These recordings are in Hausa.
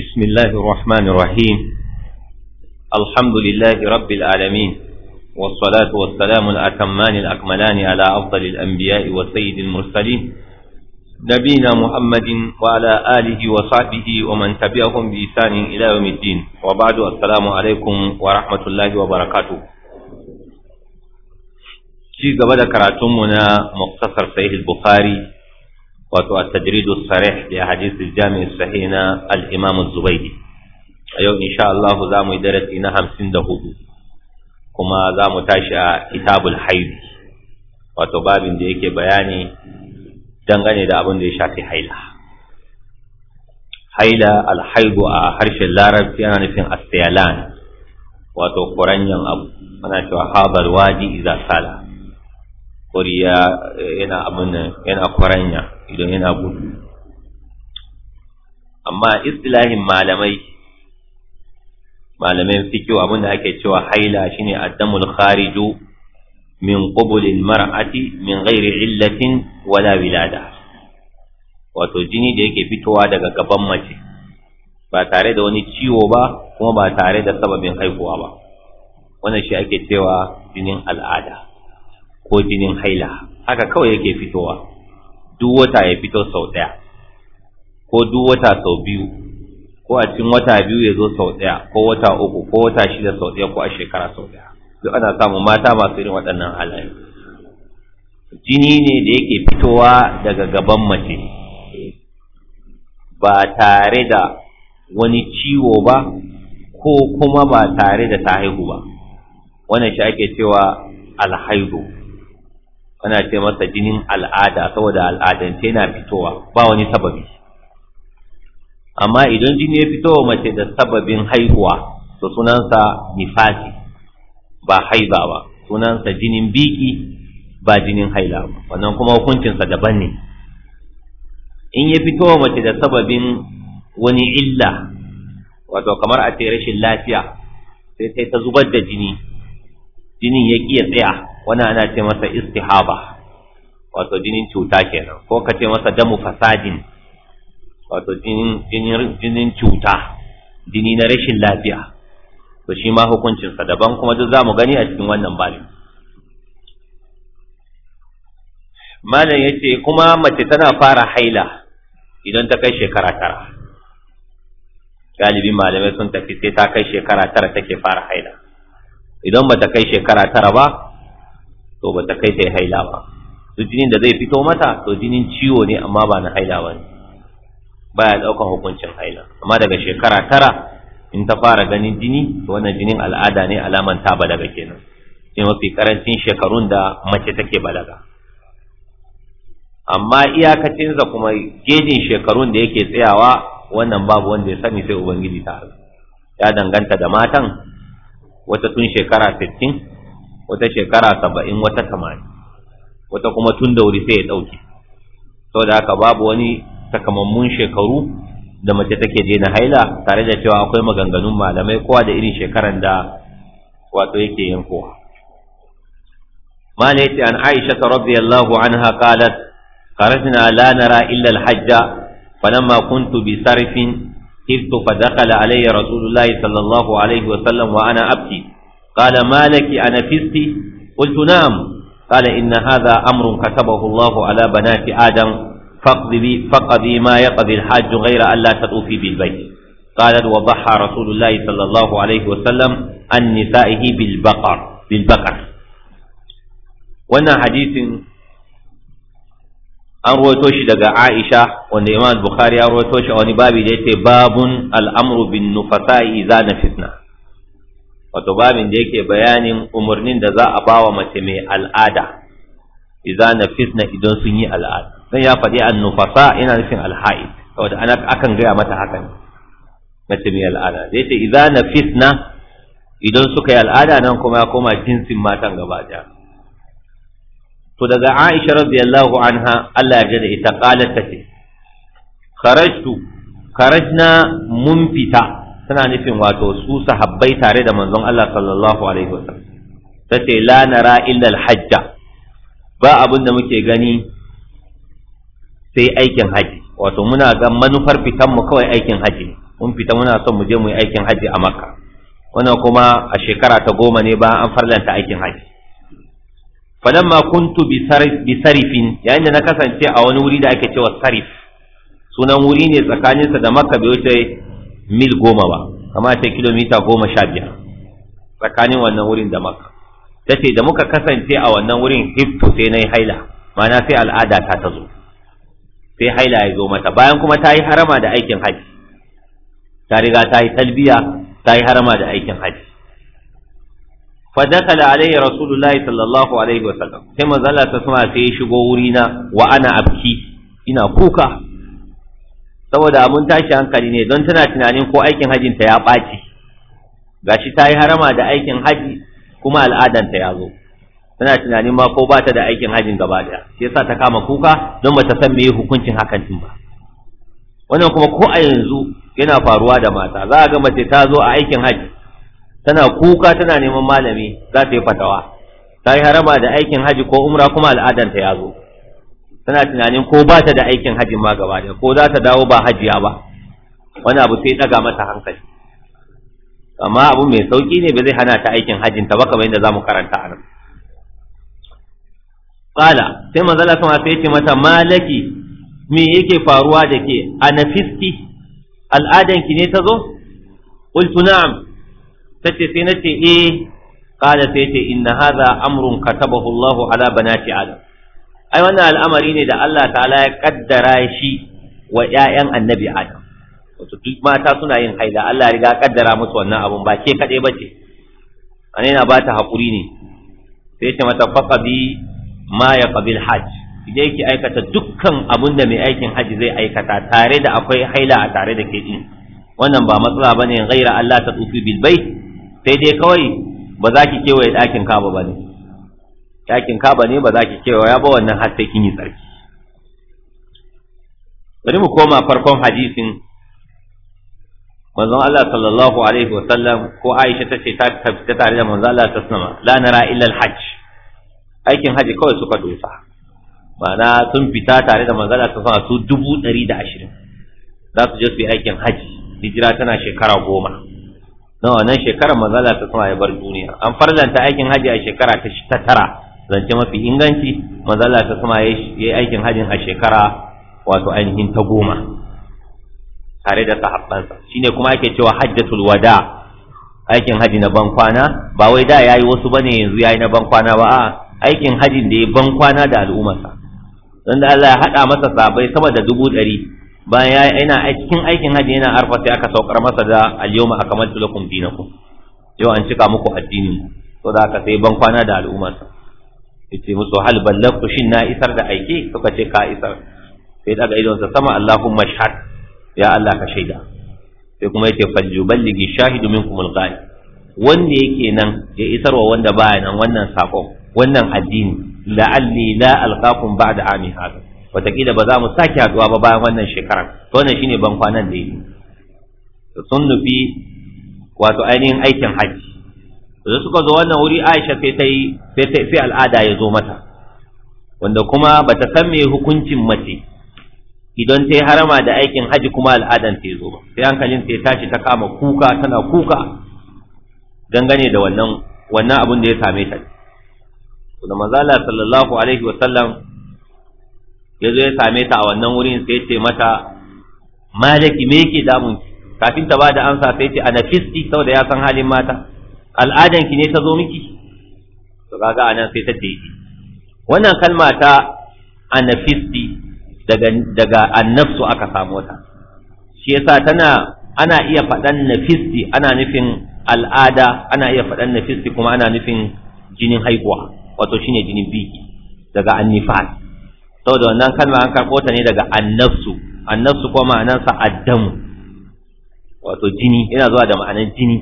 بسم الله الرحمن الرحيم الحمد لله رب العالمين والصلاة والسلام الأكمان الأكملان على أفضل الأنبياء وسيد المرسلين نبينا محمد وعلى آله وصحبه ومن تبعهم بإحسان إلى يوم الدين وبعد السلام عليكم ورحمة الله وبركاته في قبل كراتمنا مختصر صحيح البخاري wato a tajridu as-sarih da ya al jami'i sahih na al-imam az-zubaydi a yau insha Allah za mu yi darasi na hamsin da hudu, kuma za mu tashi a kitabul haidu wato babin da yake bayani dangane da abin da ya shafi haila haila al a harshen larabci yana nufin as wato kuranyan abu ana cewa habar wadi idza sala koriya eh, yana abin yana idan yana gudu amma istilahin malamai malamin fikiyo abinda ake cewa haila shine addamul khariju min qubulil mar'ati min ghairi illatin wala wilada wato jini da yake fitowa daga gaban mace ba tare da wani ciwo ba kuma ba tare da sababin haihuwa ba wannan shi ake cewa jinin al'ada ko jinin haila haka kawai yake fitowa duk wata ya fito sau ɗaya ko duk wata sau biyu ko a cikin wata biyu ya zo sau ɗaya ko wata uku ko wata shida sau ɗaya ko a shekara sau ɗaya duk ana samun mata masu irin waɗannan halaye jini ne da yake fitowa daga gaban mace ba tare da wani ciwo ba ko kuma ba tare da ta haihu ba wannan shi ake cewa alhaihu ana ce masa jinin al'ada saboda al'adance na fitowa ba wani sababi amma idan jini ya fito wa mace da sababin haihuwa to sunansa nifasi ba haiba ba sunansa jinin biki ba jinin haila ba wannan kuma hukuncinsa daban ne in ya fito mace da sababin wani illa wato kamar a ce rashin lafiya sai sai ta zubar da jini jinin ya ƙi ya tsaya wannan ana ce masa istihaba wato jinin cuta kenan ko ka ce masa damu fasadin wato jinin cuta jini na rashin lafiya to shi ma hukuncinsa daban kuma duk za gani a cikin wannan babin malam ya ce kuma mace tana fara haila idan ta kai shekara tara galibin malamai sun tafi sai ta kai shekara tara take fara haila idan ba ta kai shekara tara ba to ba ta kai ta yi haila ba to jinin da zai fito mata to jinin ciwo ne amma ba na haila ba ne baya ɗaukan hukuncin haila amma daga shekara tara in ta fara ganin jini to wannan jinin al'ada ne alaman ta balaga kenan sai mafi karancin shekarun da mace take balaga amma iyakacinsa kuma gejin shekarun da yake tsayawa wannan babu wanda ya sani sai ubangiji ta ya danganta da matan wata tun shekara sittin. wata shekara saba'in wata tamanin wata kuma tun da wuri sai ya ɗauke saboda haka babu wani takamammun shekaru da mace take daina haila tare da cewa akwai maganganun malamai kowa da irin shekaran da wato yake yankowa mala yace an aisha ta radiyallahu anha qalat kharajna la nara illa alhajja falamma kuntu bi sarfin خفت فدخل علي رسول الله صلى الله عليه وسلم وأنا أبكي قال مالك أنفست قلت نعم قال إن هذا أمر كتبه الله على بنات آدم فاقضي, فاقضي ما يقضي الحاج غير أن لا تطوفي بالبيت قالت وضحى رسول الله صلى الله عليه وسلم عن نسائه بالبقر بالبقر وانا حديث an ruwaito shi daga Aisha wanda Imam Bukhari ya ruwaito shi a wani babi da yake babun al'amru bin nufasa idza nafisna wato babin da yake bayanin umarnin da za a ba wa mace mai al'ada idza nafisna idan sun yi al'ada dan ya faɗi nufasa, ina nufin alha'id saboda ana akan gaya mata hakan mace mai al'ada zai ce idza nafisna idan suka yi al'ada nan kuma ya koma jinsin matan gaba daya to daga Aisha radiyallahu anha Allah ya jada ita qalat tace kharajtu kharajna mun fita tana nufin wato su sahabbai tare da manzon Allah sallallahu alaihi wasallam tace la nara illa hajja ba abin da muke gani sai aikin haji wato muna ga manufar fitan mu kawai aikin haji mun fita muna son mu je mu yi aikin haji a makka wannan kuma a shekara ta goma ne ba an farlanta aikin haji ma kuntu bi sarifin yayin da na kasance a wani wuri da ake cewa sarif sunan wuri ne tsakaninsa da makka bai wuce mil goma ba kamar ta kilomita goma sha biyar tsakanin wannan wurin da maka ta ce da muka kasance a wannan wurin hiftu sai na yi haila ma'ana sai al'ada ta ta zo sai haila ya zo mata bayan kuma ta yi harama da aikin haji ta riga ta yi talbiya ta yi harama da aikin haji فدخل عليه رسول الله صلى الله sai وسلم كما زال sai shigo wurina wa ana abki ina kuka saboda mun tashi hankali ne don tana tunanin ko aikin hajinta ya ɓaci gashi ta yi harama da aikin haji kuma al'adanta ya zo tana tunanin ma ko ba da aikin hajin gaba daya shi yasa ta kama kuka don ba ta san me hukuncin hakan din ba wannan kuma ko a yanzu yana faruwa da mata za a ga mace ta zo a aikin haji tana kuka tana neman malami za ta yi fatawa ta yi harama da aikin haji ko umra kuma al'adanta ya zo tana tunanin ko ba ta da aikin hajjin ma gaba da ko za ta dawo ba hajiya ba wani abu sai daga mata hankali amma abu mai sauki ne ba zai hana ta aikin hajjin ta ba kamar yadda zamu karanta a nan qala sai manzo Allah sama sai ce mata malaki me yake faruwa da ke anafiski al'adan ki ne ta zo qultu na'am tace sai nace eh qala sai ce inna hadha amrun katabahu Allahu ala banati adam ai wannan al'amari ne da Allah ta'ala ya kaddara shi wa ƴaƴan annabi Adam wato duk mata suna yin haila Allah ya riga kaddara musu wannan abun ba ke kaɗai bace ce. yana ba ta haƙuri ne sai ta mata bi ma ya qabil hajj idan yake aikata dukkan abun da mai aikin hajji zai aikata tare da akwai haila a tare da ke din wannan ba matsala bane ghaira Allah ta tufi bil bait sai dai kawai ba za ki kewaye ɗakin ba ne. yakin kaba ne ba za ki ya ba wannan har sai kin yi tsarki bari mu koma farkon hadisin manzon Allah sallallahu alaihi wa sallam ko Aisha ta ce ta fita tare da manzon Allah ta sama la nara illa al-hajj aikin haji kawai suka dosa ma'ana sun fita tare da manzon Allah ta alaihi su dubu ɗari da ashirin za su je su yi aikin haji hijira tana shekara goma na wannan shekarar Manzala ta sama ya bar duniya an farlanta aikin haji a shekara ta tara zance mafi inganci manzo ta kuma yi aikin hajjin a shekara wato ainihin ta goma tare da sahabbansa shine kuma ake cewa hajjatul wada aikin haji na ban kwana ba wai da yayi wasu bane yanzu yayi na ban kwana ba a'a aikin hajjin da ya ban kwana da al'ummarsa dan da Allah ya haɗa masa sabai sama da dubu ɗari bayan cikin aikin haji yana arfa sai aka saukar masa da al a kamar lakum dinakum yau an cika muku addinin to da aka sai ban kwana da al'ummarsa yace musu hal ballagtu shin na isar da aike suka ce ka isar sai daga idonsa sama Allahumma shahad ya Allah ka shaida sai kuma yace faljuballigi shahidu minkumul ghaib wanda yake nan ya isar wa wanda baya nan wannan sakon wannan addini la'alli la alqakum ba'da ami hada wataƙila ba za mu sake haɗuwa ba bayan wannan shekarar to wannan shine ban kwanan da yi sun nufi wato ainihin aikin hajji da suka zo wannan wuri Aisha sai ta yi sai al'ada ya zo mata wanda kuma bata san me hukuncin mace idan ta yi harama da aikin haji kuma al'adan ta zo ba sai hankalin ta ya tashi ta kama kuka tana kuka dangane da wannan wannan abin da ya same ta da Allah sallallahu alaihi wa sallam ya zo ya same ta a wannan wurin sai ya ce mata malaki me yake damun kafin ta bada amsa sai ce ana fisti saboda ya san halin mata al'adan ki ne ta zo miki to kaga anan sai ta daidai wannan kalma ta anafisti daga daga annafsu aka samu ta shi yasa tana ana iya faɗan nafisti ana nufin al'ada ana iya faɗan nafisti kuma ana nufin jinin haihuwa wato shine jinin biki daga annifas saboda wannan kalma an karɓo ta ne daga annafsu annafsu kuma ma'anarsa addamu wato jini yana zuwa da ma'anar jini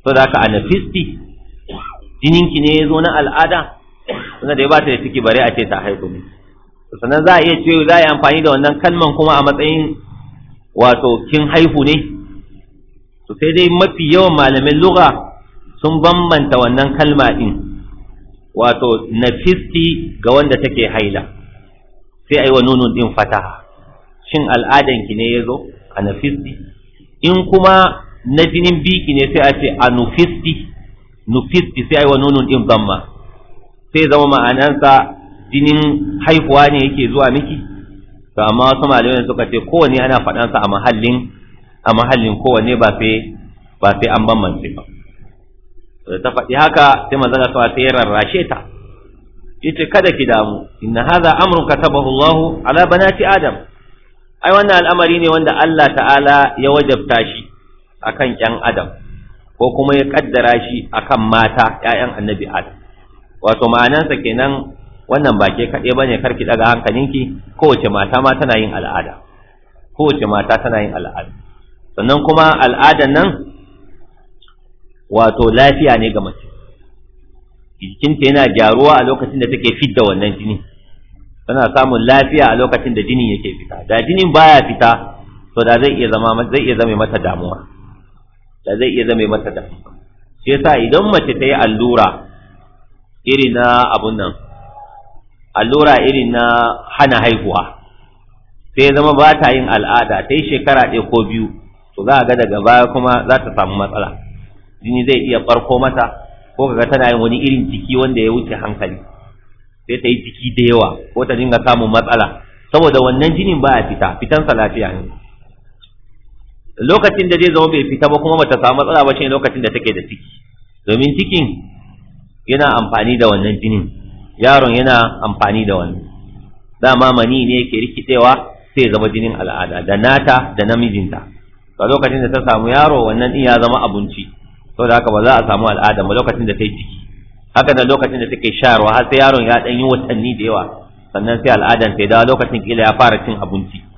so da ka a nafisti ki ne ya zo na al'ada suna da ya bata da ciki bare a ce ta haihu ne sannan za a iya ce za a yi amfani da wannan kalman kuma a matsayin wato kin haihu ne to sai dai mafi yawan malamin lugha sun bambanta wannan kalma din wato nafisti ga wanda take haila sai a yi wa nunun din fataha shin al'adanki ne ya zo a nafisti in kuma na jinin biki ne sai a ce a nufisti nufisti sai a yi wa nunun ɗin zamma sai zama ma'anansa jinin haihuwa ne yake zuwa miki to amma wasu malamai suka ce kowanne ana faɗansa a mahallin a mahallin kowanne ba sai ba sai an bambance ba da ta faɗi haka sai manzon Allah sai ya rarrashe ta yace kada ki damu inna hadha amrun katabahu Allah ala banati adam ai wannan al'amari ne wanda Allah ta'ala ya wajabta shi akan ƴan adam ko kuma ya kaddara shi akan mata ƴaƴan annabi adam wato ma'anansa kenan wannan ba ke kaɗai bane karki daga hankalinki kowace mata ma tana yin al'ada kowace mata tana yin al'ada sannan kuma al'adan nan wato lafiya ne ga mace jikinta yana gyaruwa a lokacin da take fidda wannan jini tana samun lafiya a lokacin da jini yake fita da jinin baya fita to da zai iya zama zai iya zama mata damuwa da zai iya zama mata da shi yasa idan mace ta yi allura iri na abun nan allura iri na hana haihuwa sai ya zama ba ta yin al'ada ta yi shekara ɗaya ko biyu to za a ga daga baya kuma za ta samu matsala jini zai iya ɓarko mata ko kaga tana yin wani irin jiki wanda ya wuce hankali sai ta yi jiki da yawa ko ta dinga samun matsala saboda wannan jinin ba a fita fitansa lafiya ne lokacin da zai zama bai fita ba kuma bata samu matsala ba shi lokacin da take da ciki domin cikin yana amfani da wannan jinin yaron yana amfani da wannan dama mani ne yake rikidewa sai zama jinin al'ada da nata da namijinta to lokacin da ta samu yaro wannan din ya zama abinci saboda haka ba za a samu al'ada ba lokacin da ta yi ciki haka da lokacin da take shayarwa har sai yaron ya dan yi watanni da yawa sannan sai al'adan sai da lokacin kila ya fara cin abinci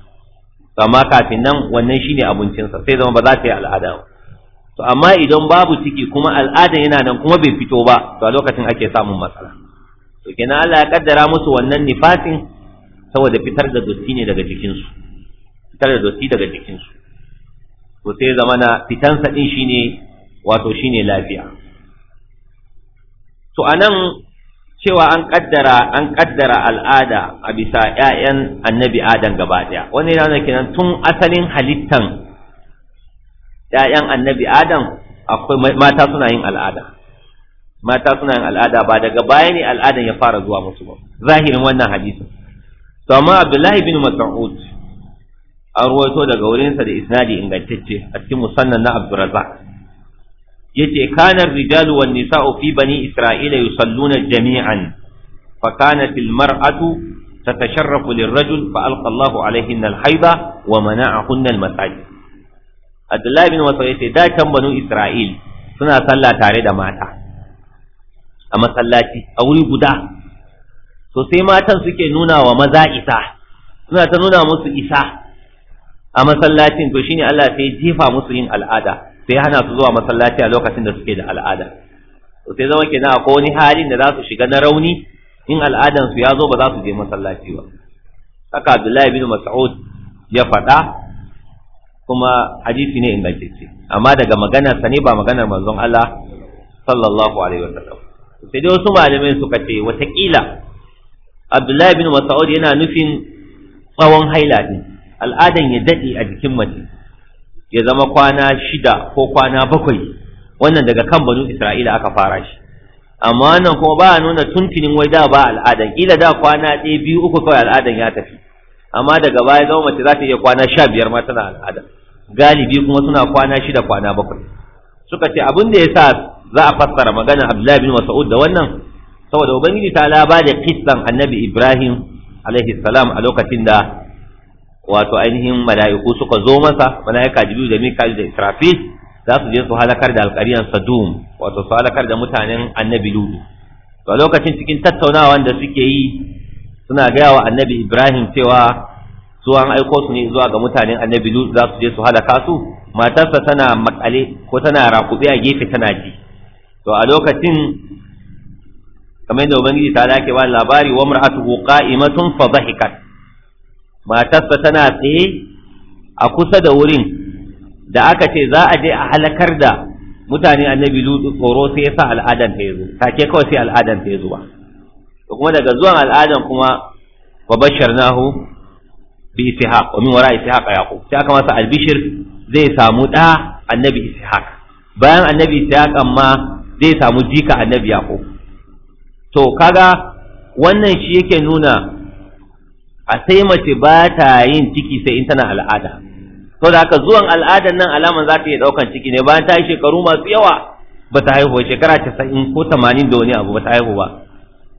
amma kafin nan wannan shine abincinsa sai zama ba za ta yi al'ada ba to amma idan babu ciki kuma al'ada yana nan kuma bai fito ba to a lokacin ake samun matsala to kenan Allah ya kaddara musu wannan nifasin saboda fitar da dotti ne daga jikinsu fitar da dotti daga jikinsu to sai zama na fitansa din shine wato shine lafiya to anan cewa an kaddara an kaddara al'ada a bisa ƴaƴan annabi adam gaba ɗaya wani yana kenan tun asalin halittan ƴaƴan annabi adam akwai mata suna yin al'ada mata suna yin al'ada ba daga baya ne al'adan ya fara zuwa musu ba zahirin wannan hadisin to amma abdullahi bin mas'ud an ruwaito daga wurinsa da isnadi ingantacce a cikin musannan na abdurrazzaq ce kanar rijalu wan nisa'u fi bani isra'ila yusalluna jami'an fa kanat al mar'atu tatasharrafu lirrajul fa alqa Allahu alaihinna al haida wa mana'ahunna al masajid Abdullahi bin Mas'ud yace da banu Isra'il suna sallah tare da mata a masallaci a wuri guda sosai sai matan suke nuna wa maza isa suna ta nuna musu isa a masallacin to shine Allah sai jefa musu yin al'ada sai hana su zuwa masallaci a lokacin da suke da al'ada to sai zama kenan akwai wani halin da za su shiga na rauni in al'adan su ya zo ba za su je masallaci ba haka Abdullahi bin Mas'ud ya faɗa kuma hadisi ne ingantacce amma daga maganar sa ne ba maganar manzon Allah sallallahu alaihi sai dai wasu malamai suka ce watakila Abdullahi bin Mas'ud yana nufin tsawon haila din al'adan ya daɗe a jikin mace ya zama kwana shida ko kwana bakwai wannan daga kan banu isra'ila aka fara shi amma wannan kuma ba nuna tuntunin wai da ba al'adan kila da kwana ɗaya biyu uku kawai al'adan ya tafi amma daga baya zama mace za ta iya kwana sha biyar ma tana al'ada galibi kuma suna kwana shida kwana bakwai suka ce abin da ya sa za a fassara maganar abdullahi bin Masa'ud da wannan saboda ubangiji ta laba da kistan annabi ibrahim alaihi salam a lokacin da wato ainihin mala'iku suka zo masa mala'ika jibril da mika'il da israfil za su je su halakar da alƙaryan sadum wato su halakar da mutanen annabi ludu to a lokacin cikin tattaunawa da suke yi suna gaya wa annabi ibrahim cewa su an aiko su ne zuwa ga mutanen annabi ludu za su je su halaka su matarsa tana makale ko tana rakuɓe a gefe tana ji to a lokacin kamar yadda ubangiji ta dake ba labari wa mar'atuhu qa'imatun fa dhahikat matarsa tana tsaye a kusa da wurin da aka ce za a je a halakar da mutane annabi lutu tsoro sai ya sa al'adan ta ta take kawai sai al'adan ta zuwa. ba kuma daga zuwan al'adan kuma wa basharnahu bi ishaq wa min wara ishaq yaqub sai aka masa albishir zai samu da annabi ishaq bayan annabi ishaq amma zai samu jika annabi yaqub to kaga wannan shi yake nuna a sai mace ba ta yin ciki sai in tana al'ada to da haka zuwan al'adan nan alaman za ta iya ɗaukan ciki ne bayan ta yi shekaru masu yawa ba ta haihu shekara casa'in ko tamanin da wani abu ba ta haihu ba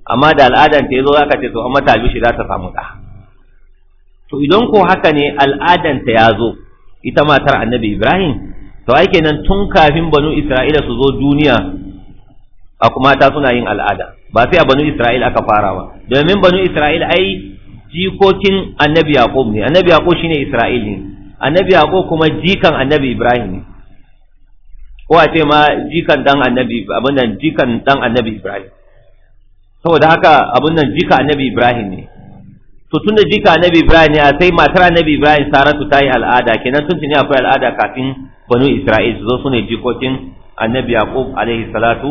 amma da al'adan ta ya zo za ka ce to amma ta shi za ta samu ɗa to idan ko haka ne al'adan ta ya zo ita matar annabi ibrahim to ai kenan tun kafin banu isra'ila su zo duniya a kuma ta suna yin al'ada ba sai a banu isra'ila aka fara ba domin banu isra'ila ai jikokin annabi yaqub ne annabi yaqub shine isra'il ne annabi yaqub kuma jikan annabi ibrahim ne ko a ce ma jikan dan annabi abin nan jikan dan annabi ibrahim saboda haka abin nan jika annabi ibrahim ne to tunda jika annabi ibrahim ne sai matar annabi ibrahim saratu ta yi al'ada kenan tun tuni akwai al'ada kafin banu isra'il su zo su ne jikokin annabi yaqub alaihi salatu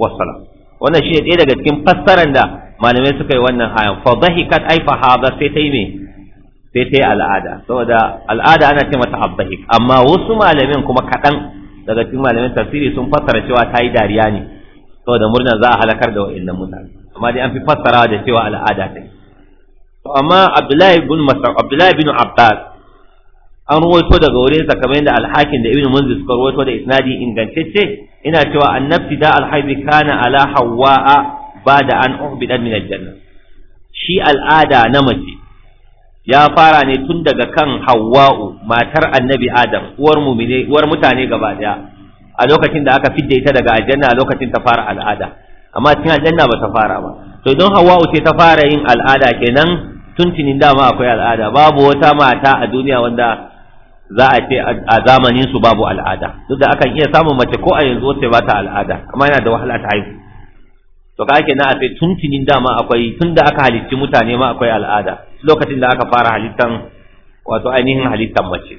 wassalam wannan shine ɗaya daga cikin fassaran da malamai suka yi wannan hayan fa dhahikat ai fa hada sai ta yi me sai ta yi al'ada saboda al'ada ana ce mata abdahik amma wasu malamin kuma kaɗan daga cikin malamin tafsiri sun fassara cewa ta yi dariya ne saboda murna za a halakar da wa'annan mutane amma dai an fi fassara da cewa al'ada ta to amma abdullahi ibn mas'ud abdullahi ibn abbas an ruwaito daga wurin sa kamar yadda al-hakim da ibn munzir suka ruwaito da isnadi ingantacce ina cewa annabi da al kana ala hawwa'a bada an uhbidan min aljanna shi al'ada na mace ya fara ne tun daga kan Hawwa'u matar Annabi Adam uwar mu'mine uwar mutane gaba daya a lokacin da aka fidda ita daga aljanna a lokacin ta fara al'ada amma cikin aljanna ba ta fara ba to idan Hawwa'u ce ta fara yin al'ada kenan tuntunin dama akwai al'ada babu wata mata a duniya wanda za a ce a zamanin su babu al'ada duk da akan iya samun mace ko a yanzu wacce ba ta al'ada amma yana da wahala ta haihu to ka ake na a sai tuntunin dama akwai tun da aka halitti mutane ma akwai al'ada lokacin da aka fara halittan wato ainihin halittan mace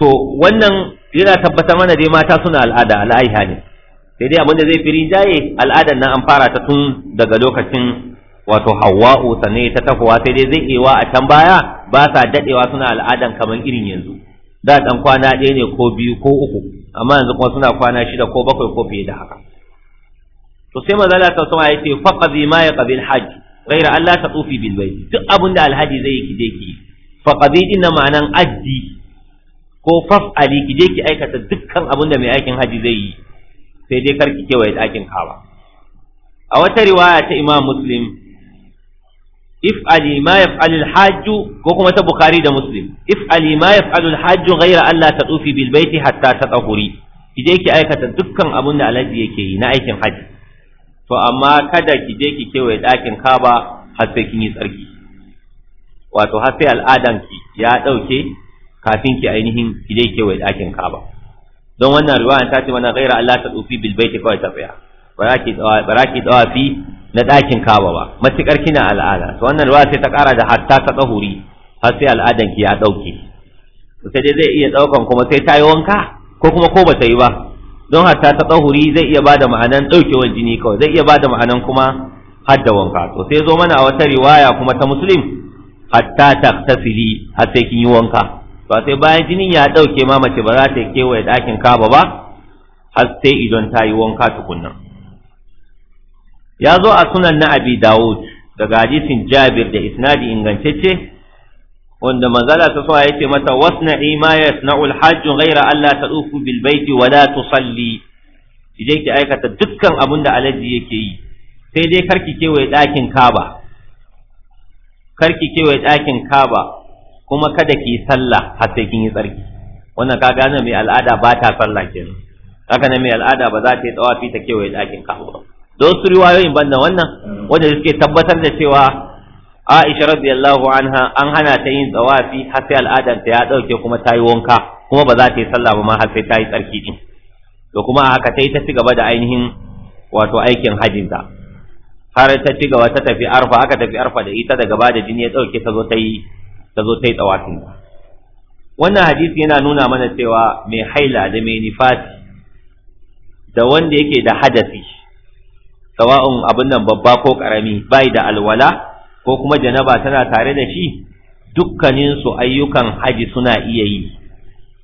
to wannan yana tabbatar mana dai mata suna al'ada al'aiha ne sai dai abinda zai fi jaye al'adan nan an fara ta tun daga lokacin wato hawa'u sannan ta tafowa sai dai zai ewa a can baya ba sa dadewa suna al'adan kamar irin yanzu da ɗan kwana ɗaya ne ko biyu ko uku amma yanzu kuma suna kwana shida ko bakwai ko fiye da haka to sai manzo Allah sallallahu alaihi wasallam ya ce faqadi ma yaqbil hajj غير Allah ta tufi bil bayt duk abin da alhaji zai yi kije ki faqadi inna ma'anan ajji ko faf'ali kije ki aikata dukkan abin da mai aikin haji zai yi sai dai karki kewaye ɗakin kawa a wata riwaya ta Imam Muslim ali ma yaf'alu al-hajj ko kuma ta Bukhari da Muslim ali ma yaf'alu al-hajj ghayra Allah ta tsufi bil bayt hatta tatahuri kije ki aikata dukkan abin da alhaji yake yi na aikin haji to amma kada ki je ki kewaye ɗakin kaba har sai kin yi tsarki wato har sai al'adan ki ya ɗauke kafin ki ainihin ki je kewaye ɗakin kaba don wannan riwaya ta ce mana ghaira Allah ta tsufi bil baiti kawai ta tsaya bara ki dawafi na ɗakin kaba ba matukar kina al'ada to wannan riwaya sai ta ƙara da hatta ta tsahuri har sai al'adan ki ya ɗauke sai dai zai iya ɗaukan kuma sai ta yi wanka ko kuma ko ba ta yi ba don hatta ta tsahuri zai iya bada ma'anan ɗaukewar jini kawai zai iya bada ma'anan kuma hadda wanka to sai zo mana a wata riwaya kuma ta muslim hatta ta tafili har sai kin yi wanka to sai bayan jinin ya ɗauke ma mace ba za ta kewaye dakin kaba ba har sai idan ta yi wanka tukunna ya zo a sunan na abi Da'ud, daga hadisin jabir da isnadi ingantacce wanda manzala ta so yake mata wasna ima yasna'ul hajj ghayra alla tadufu bil baiti wa la tusalli je ki aikata dukkan abin da alaji yake yi sai dai karki kewaye ɗakin kaba karki kewaye ɗakin kaba kuma kada ki sallah har sai kin yi tsarki wannan ka gane mai al'ada ba ta sallah kenan haka ne mai al'ada ba za ta yi tsawafi ta kewaye ɗakin kaba don su riwayoyin banda wannan wanda suke tabbatar da cewa Aisha radiyallahu anha an hana ta yin tsawafi har sai al'adar ta ya dauke kuma ta yi wanka kuma ba za ta yi sallah ba ma har sai ta yi tsarki din to kuma haka ta yi ta ci gaba da ainihin wato aikin ta har ta ci gaba ta tafi arfa aka tafi arfa da ita daga bada jini ya dauke ta zo ta yi ta zo ta yi tsawafin wannan hadisi yana nuna mana cewa mai haila da mai nifati da wanda yake da hadasi sawa'un abin nan babba ko karami bai da alwala ko kuma janaba tana tare da shi dukkanin su ayyukan haji suna iya yi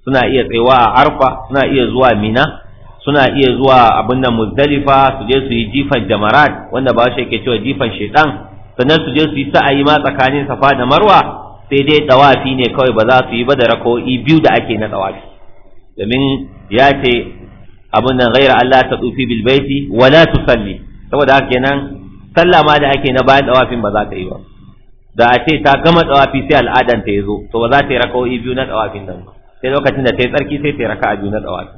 suna iya tsayawa a arfa suna iya zuwa mina suna iya zuwa abin nan muzdalifa su je su yi jifan jamarat wanda ba shi yake cewa jifan shaitan sannan su je su yi sa'ayi ma tsakanin safa da marwa sai dai tawafi ne kawai ba za su yi ba da rako'i biyu da ake na tawafi domin ya ce abin nan ghaira Allah ta tsufi bil baiti wala tusalli saboda haka kenan sallah ma da ake na bayan dawafin ba za ta yi ba da a ce ta gama dawafi sai al'adan ta yazo to ba za ta yi raka'o'i biyu na dawafin nan ba sai lokacin da ta yi tsarki sai ta yi raka'a biyu na dawafi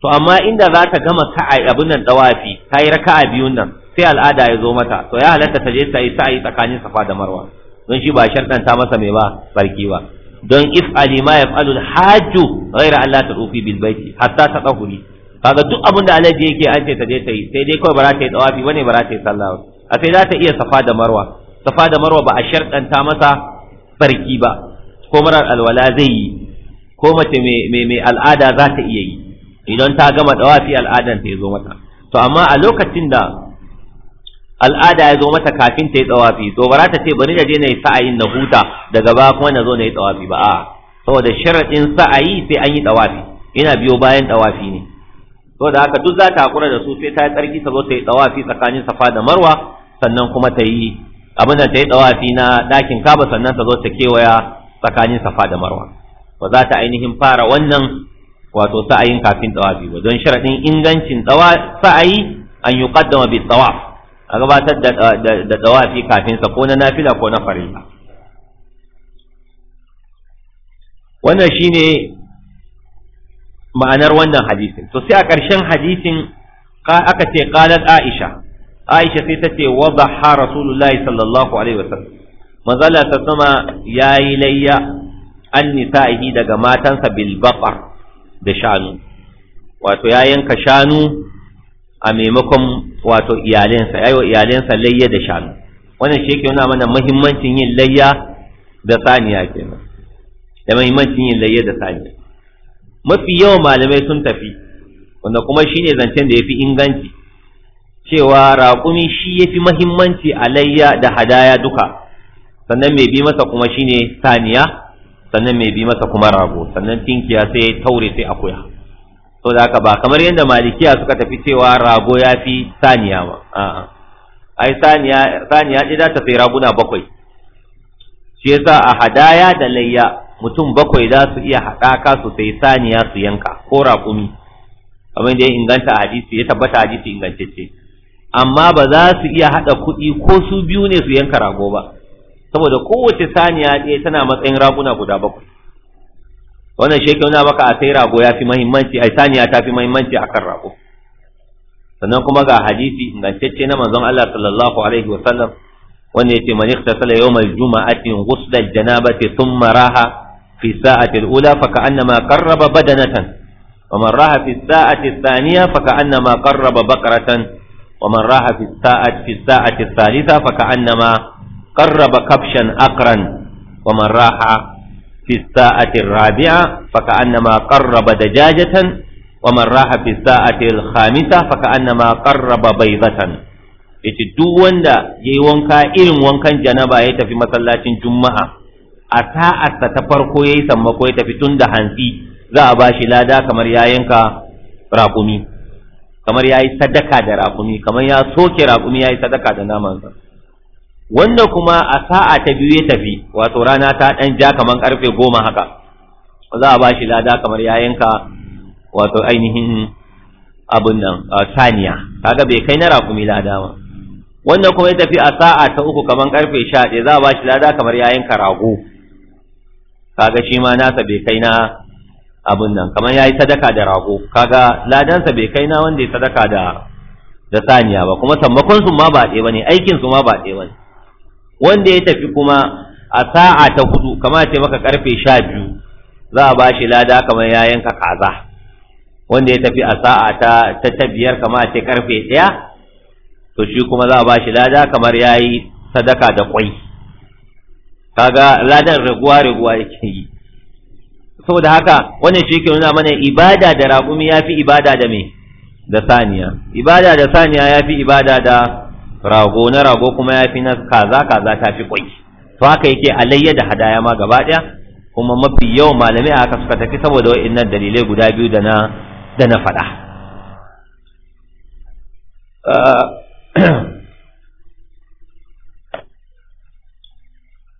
to amma inda za ta gama sa'a abin nan dawafi ta yi raka'a biyun nan sai al'ada ya zo mata to ya halatta ta je ta yi sa'i tsakanin safa da marwa don shi ba sharɗan ta masa mai ba barki ba don if ma ya fa'alul hajju ghaira Allah ta rufi bil baiti hatta ta tsahuri kaga duk abin da alaji yake an ce ta je ta yi sai dai kawai ba za ta yi dawafi ba ta yi sallah ba a za ta iya safa da marwa safa da marwa ba a sharɗanta masa barki ba ko marar alwala zai yi ko mace mai al'ada za ta iya yi idan ta gama dawafi al'adan ta ya zo mata to amma a lokacin da al'ada ya zo mata kafin ta yi tsawafi to ba ta ce bari da je na yi sa'ayin na huta daga ba kuma na zo na yi tsawafi ba a'a saboda sharaɗin sa'ayi sai an yi tsawafi ina biyo bayan tsawafi ne saboda haka duk za ta hakura da su sai ta yi tsarki ta zo ta yi tsawafi tsakanin safa da marwa sannan kuma ta yi abin da ta yi tsawafi na ɗakin kaba sannan ta zo ta kewaya tsakanin safa da marwa ba za ta ainihin fara wannan wato sa'ayin kafin tsawafi ba don sharaɗin ingancin sa'ayi an yi kaddama bi tsawaf a gabatar da tsawafi kafin sa ko na nafila ko na farilla wannan shine ma'anar wannan hadisin to sai a ƙarshen hadisin aka ce ƙalar aisha aisha sai ta ce wa Zaha rasulullahi sallallahu alaihi wasallam manzala ta sama yayi layya an nisa'ihi daga matansa bil baqar da shanu wato ya yanka shanu a maimakon wato iyalensa yayi iyalensa layya da shanu wannan shi yake nuna mana muhimmancin yin layya da saniya kenan da muhimmancin yin layya da saniya mafi yawan malamai sun tafi wanda kuma shine zancen da yafi inganci cewa raƙumi shi ya fi mahimmanci alayya da hadaya duka sannan mai bi masa kuma shi ne saniya sannan mai bi masa kuma rago sannan tinkiya sai taure sai akuya to da haka ba kamar yadda malikiya suka tafi cewa rago ya fi saniya ba A ai saniya saniya za ta sai raguna bakwai shi yasa a hadaya da layya mutum bakwai za su iya haɗaka su sai saniya su yanka ko raƙumi kamar da ya inganta hadisi ya tabbata hadisi ingantacce amma ba za su iya haɗa kuɗi ko su biyu ne su yanka rago ba saboda kowace saniya ɗaya tana matsayin raguna guda bakwai wannan shekaru na baka a sai rago ya fi mahimmanci a saniya ta fi mahimmanci a kan rago sannan kuma ga hadisi ingantacce na manzon Allah sallallahu alaihi wa sallam wanda yace man ikhtasala yawm al-jum'ati ghusla al-janabati thumma raha fi sa'ati al-ula fa ka'annama qarraba badanatan wa man raha fi sa'ati ath-thaniya fa ka'annama qarraba baqratan ومن راح في الساعة في الساعة الثالثة فكأنما قرب كبشا أقرا ومن راح في الساعة الرابعة فكأنما قرب دجاجة ومن راح في الساعة الخامسة فكأنما قرب بيضة yace duk wanda ya yi wanka irin wankan janaba ya tafi masallacin juma'a a sa'arsa ta farko ya yi sammako ya tafi tun da hantsi za a ba shi lada kamar ya yanka raƙumi kamar yayi sadaka da raƙumi kamar ya soke raƙumi yayi sadaka da namansa, wanda kuma a sa'a ta biyu ya tafi wato rana ta dan ja kamar karfe goma haka za a bashi lada kamar ya yanka wato ainihin abun nan saniya kaga bai kai na raƙumi lada ba wanda kuma ya tafi a sa'a ta uku kamar karfe sha ɗaya za a bashi lada kamar ya yanka rago kaga shi ma nasa bai kai na abun nan kamar yayi sadaka da rago kaga ladansa bai kai na wanda ya sadaka da da saniya ba kuma sammakon su ma ba ɗaya bane aikin su ma ba ɗaya bane wanda ya tafi kuma a sa'a ta hudu kamar ce maka karfe 12 za a ba shi lada kamar ya yanka kaza wanda ya tafi a sa'a ta ta, ta biyar kamar ce karfe 1 to shi kuma za a ba shi lada kamar yayi sadaka da kwai kaga ladan raguwa raguwa yake yi saboda haka wannan shi ke nuna mana ibada da raƙumi ya fi ibada da me da saniya ibada da saniya ya fi ibada da rago na rago kuma ya fi na kaza kaza ta fi kwai to haka yake alayya da hadaya ma gaba ɗaya kuma mafi yau malamai a haka suka tafi saboda wa'innan dalilai guda biyu da na da na faɗa ah,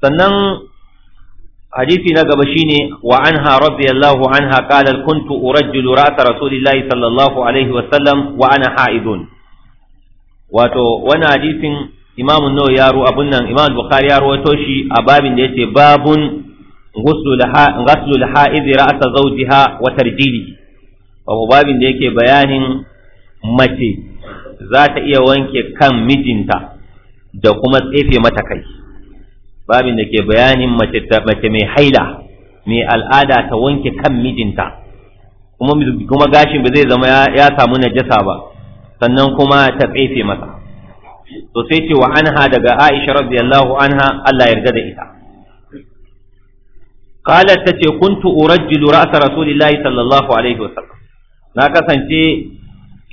sannan hadisi na gaba shine wa anha radiyallahu anha qala kuntu urajjilu ra'sa rasulillahi sallallahu alaihi wa sallam wa ana haidun wato wani hadisin imamu no ya abun nan imam bukhari ya ruwato shi a babin da yace babun ghuslul ha'id ra'sa zawjiha wa tarjili wato babin da yake bayanin mace za ta iya wanke kan mijinta da kuma tsefe mata kai babin da ke bayanin mace mai haila mai al'ada ta wanke kan mijinta kuma gashin ba zai zama ya samu najasa ba sannan kuma ta tsefe masa to sai ce wa anha daga Aisha radiyallahu anha Allah yarda da ita qalat tace kuntu urajjilu ra'sa rasulillahi sallallahu alaihi wasallam na kasance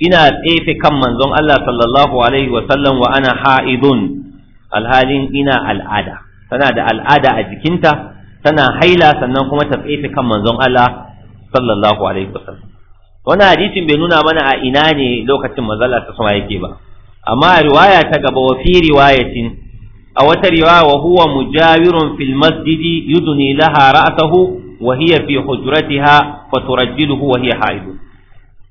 ina tsefe kan manzon Allah sallallahu alaihi wasallam wa ana ha'idun alhalin ina al'ada tana da al'ada a jikinta tana haila sannan kuma ta tsefe kan manzon Allah sallallahu alaihi wasallam wannan hadisin bai nuna mana a ina ne lokacin manzon ta sama yake ba amma riwaya ta gaba wa fi riwayatin a wata riwaya wa huwa mujawirun fil masjidi Yuduni laha ra'sahu wa hiya fi hujratiha fa turajjiluhu wa hiya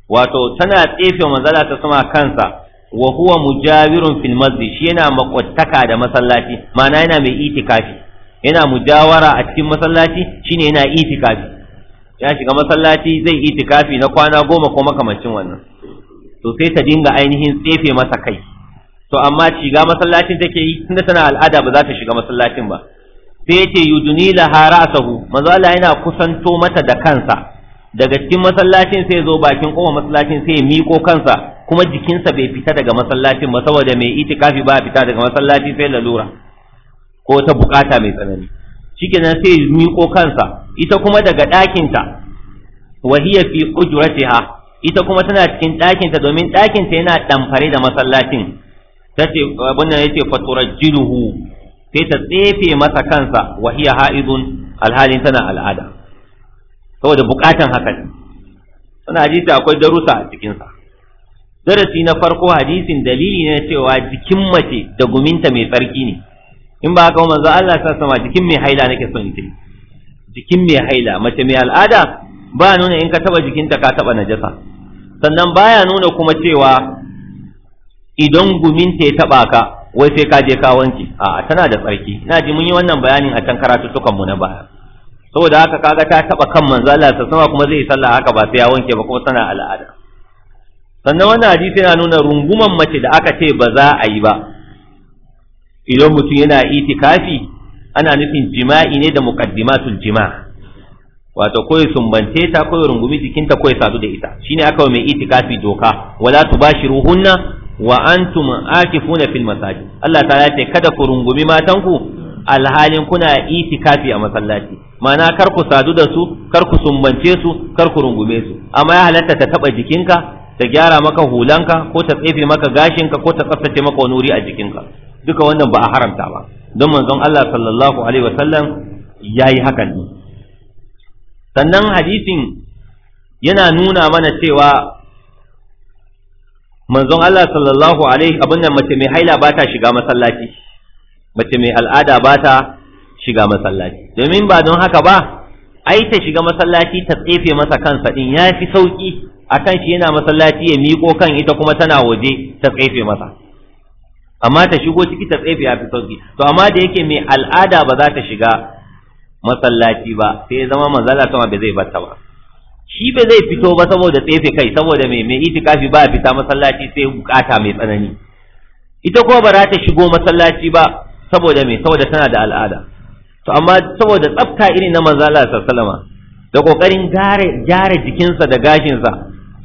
wato tana tsefe manzon ta sama kansa wa huwa mujawirun fil masjid shi yana makwattaka da masallaci ma'ana yana mai itikafi yana mujawara a cikin masallaci shine yana itikafi ya shiga masallaci zai itikafi na kwana goma ko makamancin wannan to sai ta dinga ainihin tsefe masa kai to amma shiga masallacin take yi tunda tana al'ada ba za ta shiga masallacin ba sai yace yuduni laha ra'sahu manzo Allah yana kusanto mata da kansa daga cikin masallacin sai zo bakin kowa masallacin sai ya miko kansa kuma jikinsa bai fita daga masallacin ba saboda mai itikafi ba fita daga masallaci sai lalura ko ta bukata mai tsanani shikenan sai miko kansa ita kuma daga ɗakinta wahiya fi ujratiha ita kuma tana cikin ɗakinta domin ɗakinta yana ɗamfare da masallacin tace abunda nan yace faturajjiluhu sai ta tsefe masa kansa wahiya ha'idun alhalin tana al'ada saboda bukatan hakan suna ji ta akwai darusa a cikinsa darasi na farko hadisin dalili ne cewa jikin mace da guminta mai tsarki ne in ba haka manzo Allah ya sa sama jikin mai haila nake son ita jikin mai haila mace mai al'ada ba nuna in ka taba jikinta ka taba najasa sannan baya nuna kuma cewa idan guminta ya taba ka wai sai ka je ka wanke a tana da tsarki ina ji mun yi wannan bayanin a can tukan mu na baya saboda haka kaga ta taba kan manzo Allah sa kuma zai sallah haka ba sai ya wanke ba kuma tana al'ada sannan wannan hadisi yana nuna runguman mace da aka ce ba za a yi ba idan mutum yana itikafi ana nufin jima'i ne da muqaddimatul jima' wato koyi sumbance ta koyi rungumi jikinta koyi sadu da ita shine aka mai itikafi doka wala tubashiruhunna wa antum akifuna fil masajid Allah ta ce kada ku rungumi matanku alhalin kuna itikafi a masallaci ma'ana kar ku sadu da su kar ku sumbance su kar ku rungume su amma ya halatta ta taba jikinka ta gyara maka hulanka ko ta tsefe maka gashinka ko ta tsaftace maka wani wuri a jikinka duka wannan ba a haramta ba don manzon Allah sallallahu alaihi wasallam yayi hakan ne sannan hadisin yana nuna mana cewa manzon Allah sallallahu alaihi abin nan mace mai haila ba ta shiga masallaci mace mai al'ada ba ta shiga masallaci domin ba don haka ba ai ta shiga masallaci ta tsefe masa kansa din ya fi sauki akan shi yana masallaci ya miƙo kan ita kuma tana waje ta tsefe masa amma ta shigo ciki ta tsefe ya fi sauki to amma da yake mai al'ada ba za ta shiga masallaci ba sai ya zama manzala sama bai zai batta ba shi bai zai fito ba saboda tsefe kai saboda mai mai itikafi ba a fita masallaci sai bukata mai tsanani ita kuma ba za ta shigo masallaci ba saboda mai saboda tana da al'ada to amma saboda tsafta irin na manzala sallama da kokarin gyara jikinsa da gashinsa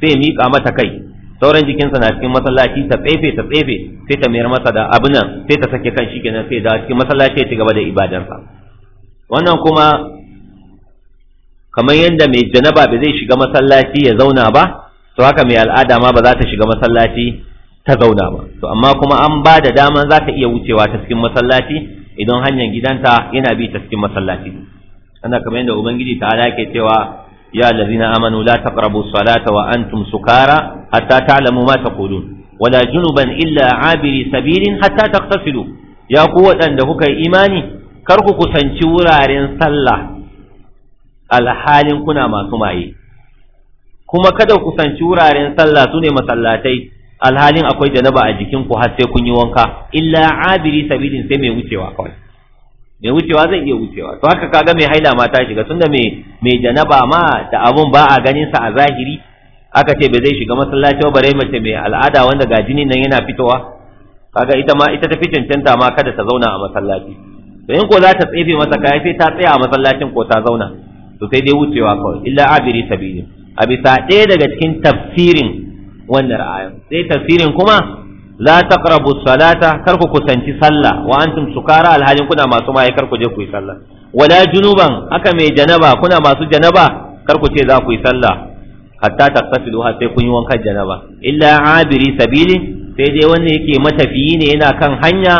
sai miƙa mata kai sauran jikinsa na cikin masallaci ta tsefe ta tsefe sai ta mayar masa da abin nan sai ta sake kan shi kenan sai da cikin masallaci ya ci gaba da ibadansa wannan kuma kamar yadda mai janaba ba zai shiga masallaci ya zauna ba to haka mai al'ada ma ba za ta shiga masallaci ta zauna ba to amma kuma an ba da daman za ta iya wucewa ta cikin masallaci idan hanyar gidanta yana bi ta cikin masallaci ana kamar yadda ubangiji ta ala ke cewa ya allazina amanu la salata wa antum sukara hatta ta'lamu mata kudu. wala junuban illa abiri sabilin hatta taqtasilu ya ku waɗanda kuka yi imani kar ku kusanci wuraren sallah alhalin kuna masu maye kuma kada ku kusanci wuraren sallah sune masallatai alhalin akwai da na ba a jikinku har sai kun yi wanka illa abiri sabilin sai mai wucewa kawai mai wucewa zai iya wucewa to haka kaga mai haila ma ta shiga tunda mai mai janaba ma da abun ba a ganin sa a zahiri aka ce bai zai shiga masallaci ba bare mace mai al'ada wanda ga jini nan yana fitowa kaga ita ma ita ta fi cancanta ma kada ta zauna a masallaci to in ko za ta tsefe masa kaya sai ta tsaya a masallacin ko ta zauna to sai dai wucewa kawai illa abiri sabili a bisa ɗaya daga cikin tafsirin wannan ra'ayin sai tafsirin kuma la taqrabu salata kar ku kusanci sallah wa antum sukara alhalin kuna masu maye kar ku je ku yi sallah wala junuban aka mai janaba kuna masu janaba kar ku ce za ku yi sallah hatta taqtafilu ha sai kun yi wankan janaba illa abiri sabili sai dai wanda yake matafiyi ne yana kan hanya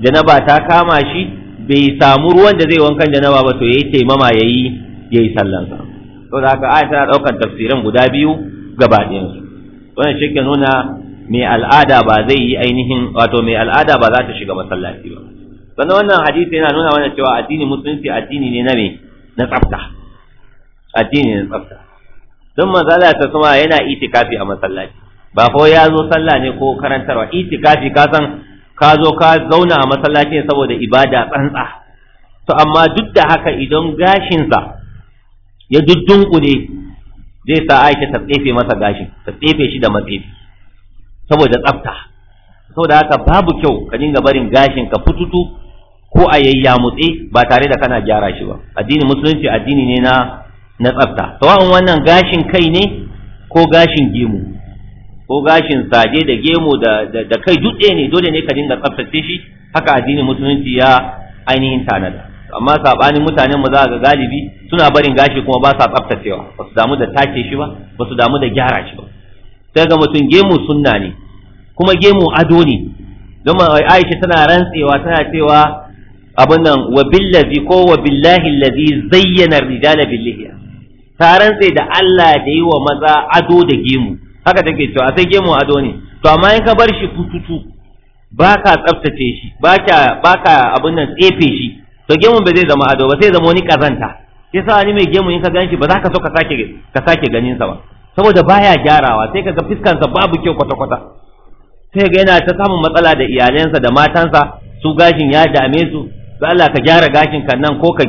janaba ta kama shi bai samu ruwan da zai wankan janaba ba to yayi taimama yayi yayi sallansa saboda haka aya tana daukar tafsirin guda biyu gaba ɗayan su wannan shi ke nuna mai al'ada ba zai yi ainihin wato mai al'ada ba za ta shiga masallaci ba sannan wannan hadisi yana nuna mana cewa addini musulunci addini ne na me na tsafta addini na tsafta don manzala ta kuma yana itikafi a masallaci ba ko ya zo sallah ne ko karantarwa itikafi ka san ka zo ka zauna a masallaci ne saboda ibada tsantsa to amma duk da haka idan gashinsa ya duddunkule zai sa aisha ta tsefe masa gashin ta tsefe shi da matsefi saboda tsafta saboda haka babu kyau ka dinga barin gashin ka fututu ko a mutse, ba tare da kana gyara shi ba addinin musulunci addini ne na na tsafta sawa'un wannan gashin kai ne ko gashin gemu ko gashin saje da gemu da da kai dutse ne dole ne ka dinga tsaftace shi haka addinin musulunci ya ainihin tanada amma sabanin mutanen mu za ga galibi suna barin gashi kuma ba sa tsaftacewa ba su damu da take shi ba ba su damu da gyara shi ba sai ga mutum gemu sunna ne kuma gemu ado ne don Aisha tana rantsewa tana cewa abin nan wa billazi ko wa billahi allazi zayyana rijala billahi ta rantse da Allah da yi wa maza ado da gemu haka take cewa sai gemu ado ne to amma in ka bar shi fututu ba ka tsaftace shi ba ka ba abin nan tsefe shi to gemun ba zai zama ado ba sai zama wani kazanta sai sa ni mai gemu in ka ganshi ba za ka so ka sake ka sake ganin sa ba saboda baya gyarawa sai kaga fiskansa babu kyau kwata kwata sai ga yana ta samun matsala da iyalansa da matansa su gashin ya dame su to Allah ka gyara gashin kan nan ko ka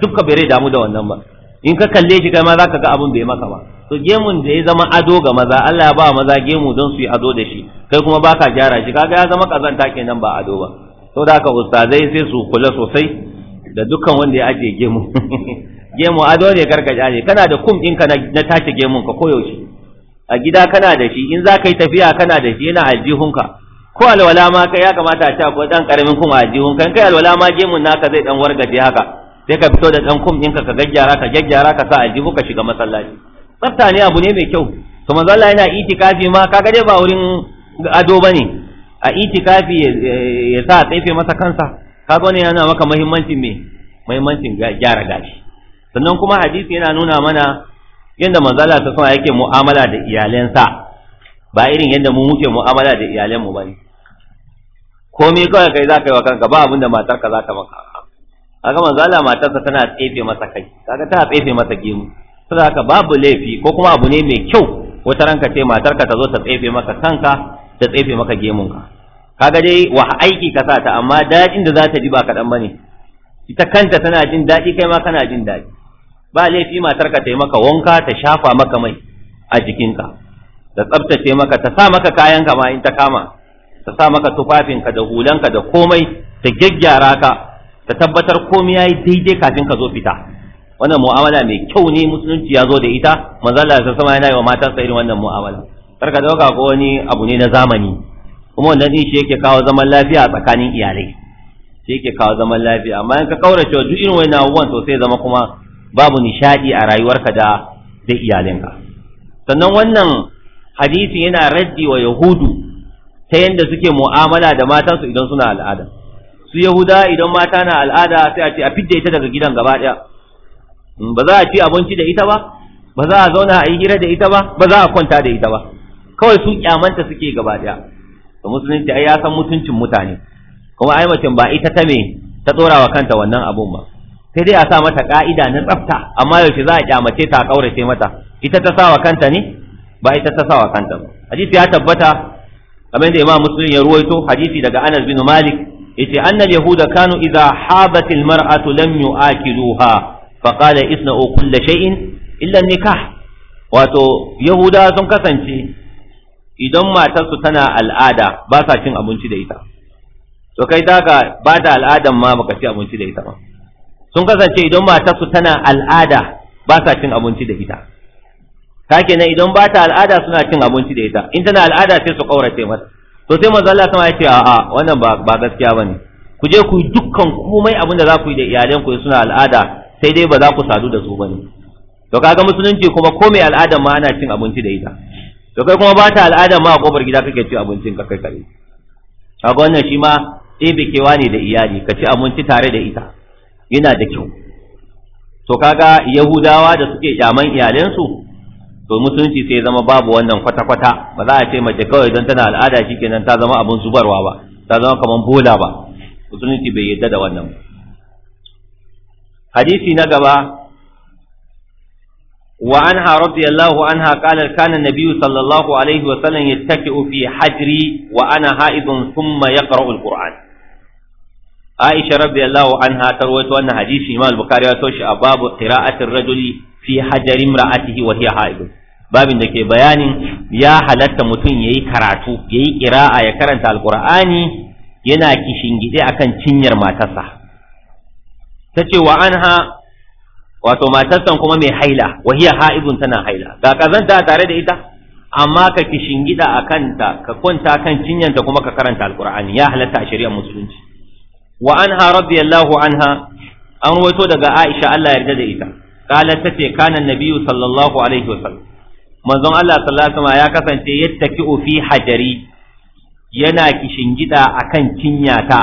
duka bai damu da wannan ba in ka kalle shi kai ma zaka ga abun bai maka ba to gemun da ya zama ado ga maza Allah ya ba maza gemu don su yi ado da shi kai kuma baka gyara shi kaga ya zama kazanta kenan ba ado ba saboda haka ustazai sai su kula sosai da dukkan wanda ya ajiye gemu gemu ado ne gargaja ne kana da kum ɗinka na tace gemun ka koyaushe a gida kana da shi in za ka yi tafiya kana da shi yana aljihunka ko alwala ma kai ya kamata a ci ko ɗan ƙaramin kum a aljihunka in kai alwala ma gemun naka zai ɗan wargaje haka sai ka fito da ɗan kum ɗinka ka gaggyara ka gaggyara ka sa aljihu ka shiga masallaci tsafta ne abu ne mai kyau to manzo Allah yana itikafi ma kaga dai ba wurin ado bane a itikafi ya sa tsaife masa kansa kaga ne yana maka muhimmancin me muhimmancin gyara gashi sannan kuma hadisi yana nuna mana yadda manzala ta sama yake mu'amala da iyalansa ba irin yadda mu muke mu'amala da iyalanmu ba ne komai kawai kai za ka yi wa kanka ba abin da matarka za ta maka kaga manzala matarsa tana tsefe masa kai kaga tana tsefe masa gemu saboda haka babu laifi ko kuma abu ne mai kyau wata ranka ce matarka ta zo ta tsefe maka kanka ta tsefe maka gemunka kaga dai wa aiki ka sa ta amma daɗin da za ta ji ba kaɗan ba ne ita kanta tana jin daɗi kai ma kana jin daɗi ba laifi matar ka taimaka wanka ta shafa maka mai a jikinka ta tsabtace maka ta sa maka kayan ka ma in ta kama ta sa maka tufafinka da hulanka da komai ta gyaggyara ka ta tabbatar komai yayi daidai kafin ka zo fita wannan mu'amala mai kyau ne musulunci ya zo da ita manzo Allah ya sama yana yi wa sa irin wannan mu'amala kar ka dauka ko wani abu ne na zamani kuma wannan din shi yake kawo zaman lafiya a tsakanin iyalai shi yake kawo zaman lafiya amma in ka kaurace duk irin wannan abubuwan to sai zama kuma babu nishadi a rayuwarka da da iyalinka sannan wannan hadisi yana raddi wa yahudu ta yanda suke mu'amala da matansu idan suna al'ada su yahuda idan mata na al'ada sai a ce a fidda ita daga gidan gaba daya mm, ba za a ci abinci da ita ba ba za a zauna a yi hira da ita ba ba za a kwanta da ita ba kawai su kyamanta suke gaba daya da musulunci ai ya san mutuncin mutane kuma ai mutum ba ita ta me ta tsorawa kanta wannan abun ba sai dai a sa mata ka'ida na tsafta amma yaushe za a kyamace ta a kaurace mata ita ta sawa kanta ne ba ita ta sawa kanta ba hadisi ya tabbata kamar da imam muslim ya ruwaito hadisi daga anas bin malik yace annal yahuda kanu idza habat al mar'atu lam yu'akiluha fa qala isna'u kull shay'in illa nikah wato yahuda sun kasance idan matarsu tana al'ada ba sa cin abinci da ita to kai daga ba da al'adan ma baka ci abinci da ita ba sun kasance idan matarsu tana al'ada ba sa cin abinci da ita ka nan idan ba ta al'ada suna cin abinci da ita in tana al'ada sai su kaurace mata to sai manzo Allah sama ya ce a'a wannan ba ba gaskiya bane ku je ku yi dukkan komai abin da za ku yi da iyalan ku suna al'ada sai dai ba za ku sadu da su bane to kaga musulunci kuma ko mai al'ada ma ana cin abinci da ita to kai kuma ba ta al'ada ma a kofar gida kake ci abincin ka kai kare A wannan shi ma ɗebe kewa ne da iyali ka ci abinci tare da ita yana da kyau to kaga yahudawa da suke kyaman iyalinsu, to musulunci sai zama babu wannan kwata-kwata ba za a ce mace kawai don tana al'ada kenan ta zama abin zubarwa ba ta zama kamar bola ba musulunci bai yadda da wannan hadisi na gaba wa anha radiyallahu anha qala kana nabi sallallahu alaihi wa sallam yattaki fi hajri wa ana ha'idun thumma yaqra'u al-qur'an Aisha radiyallahu anha tarwaito wannan hadisi Imam Bukhari ya toshi a babu qira'atir rajuli fi hajarin ra'atihi wa hiya haid babin da ke bayanin ya halatta mutum yayi karatu yayi qira'a ya karanta alqur'ani yana kishingide akan cinyar matarsa tace wa anha wato matarsan kuma mai haila wa hiya haidun tana haila ga kazanta tare da ita amma ka gida a kanta ka kwanta kan cinyanta kuma ka karanta alkur'ani ya halatta a shari'ar musulunci wa anha radiyallahu anha an wato daga Aisha Allah yarda da ita kala tace kana nabiyyu sallallahu alaihi wasallam manzon Allah sallallahu alaihi wasallam ya kasance yattaki'u fi hajari yana kishingida akan cinyata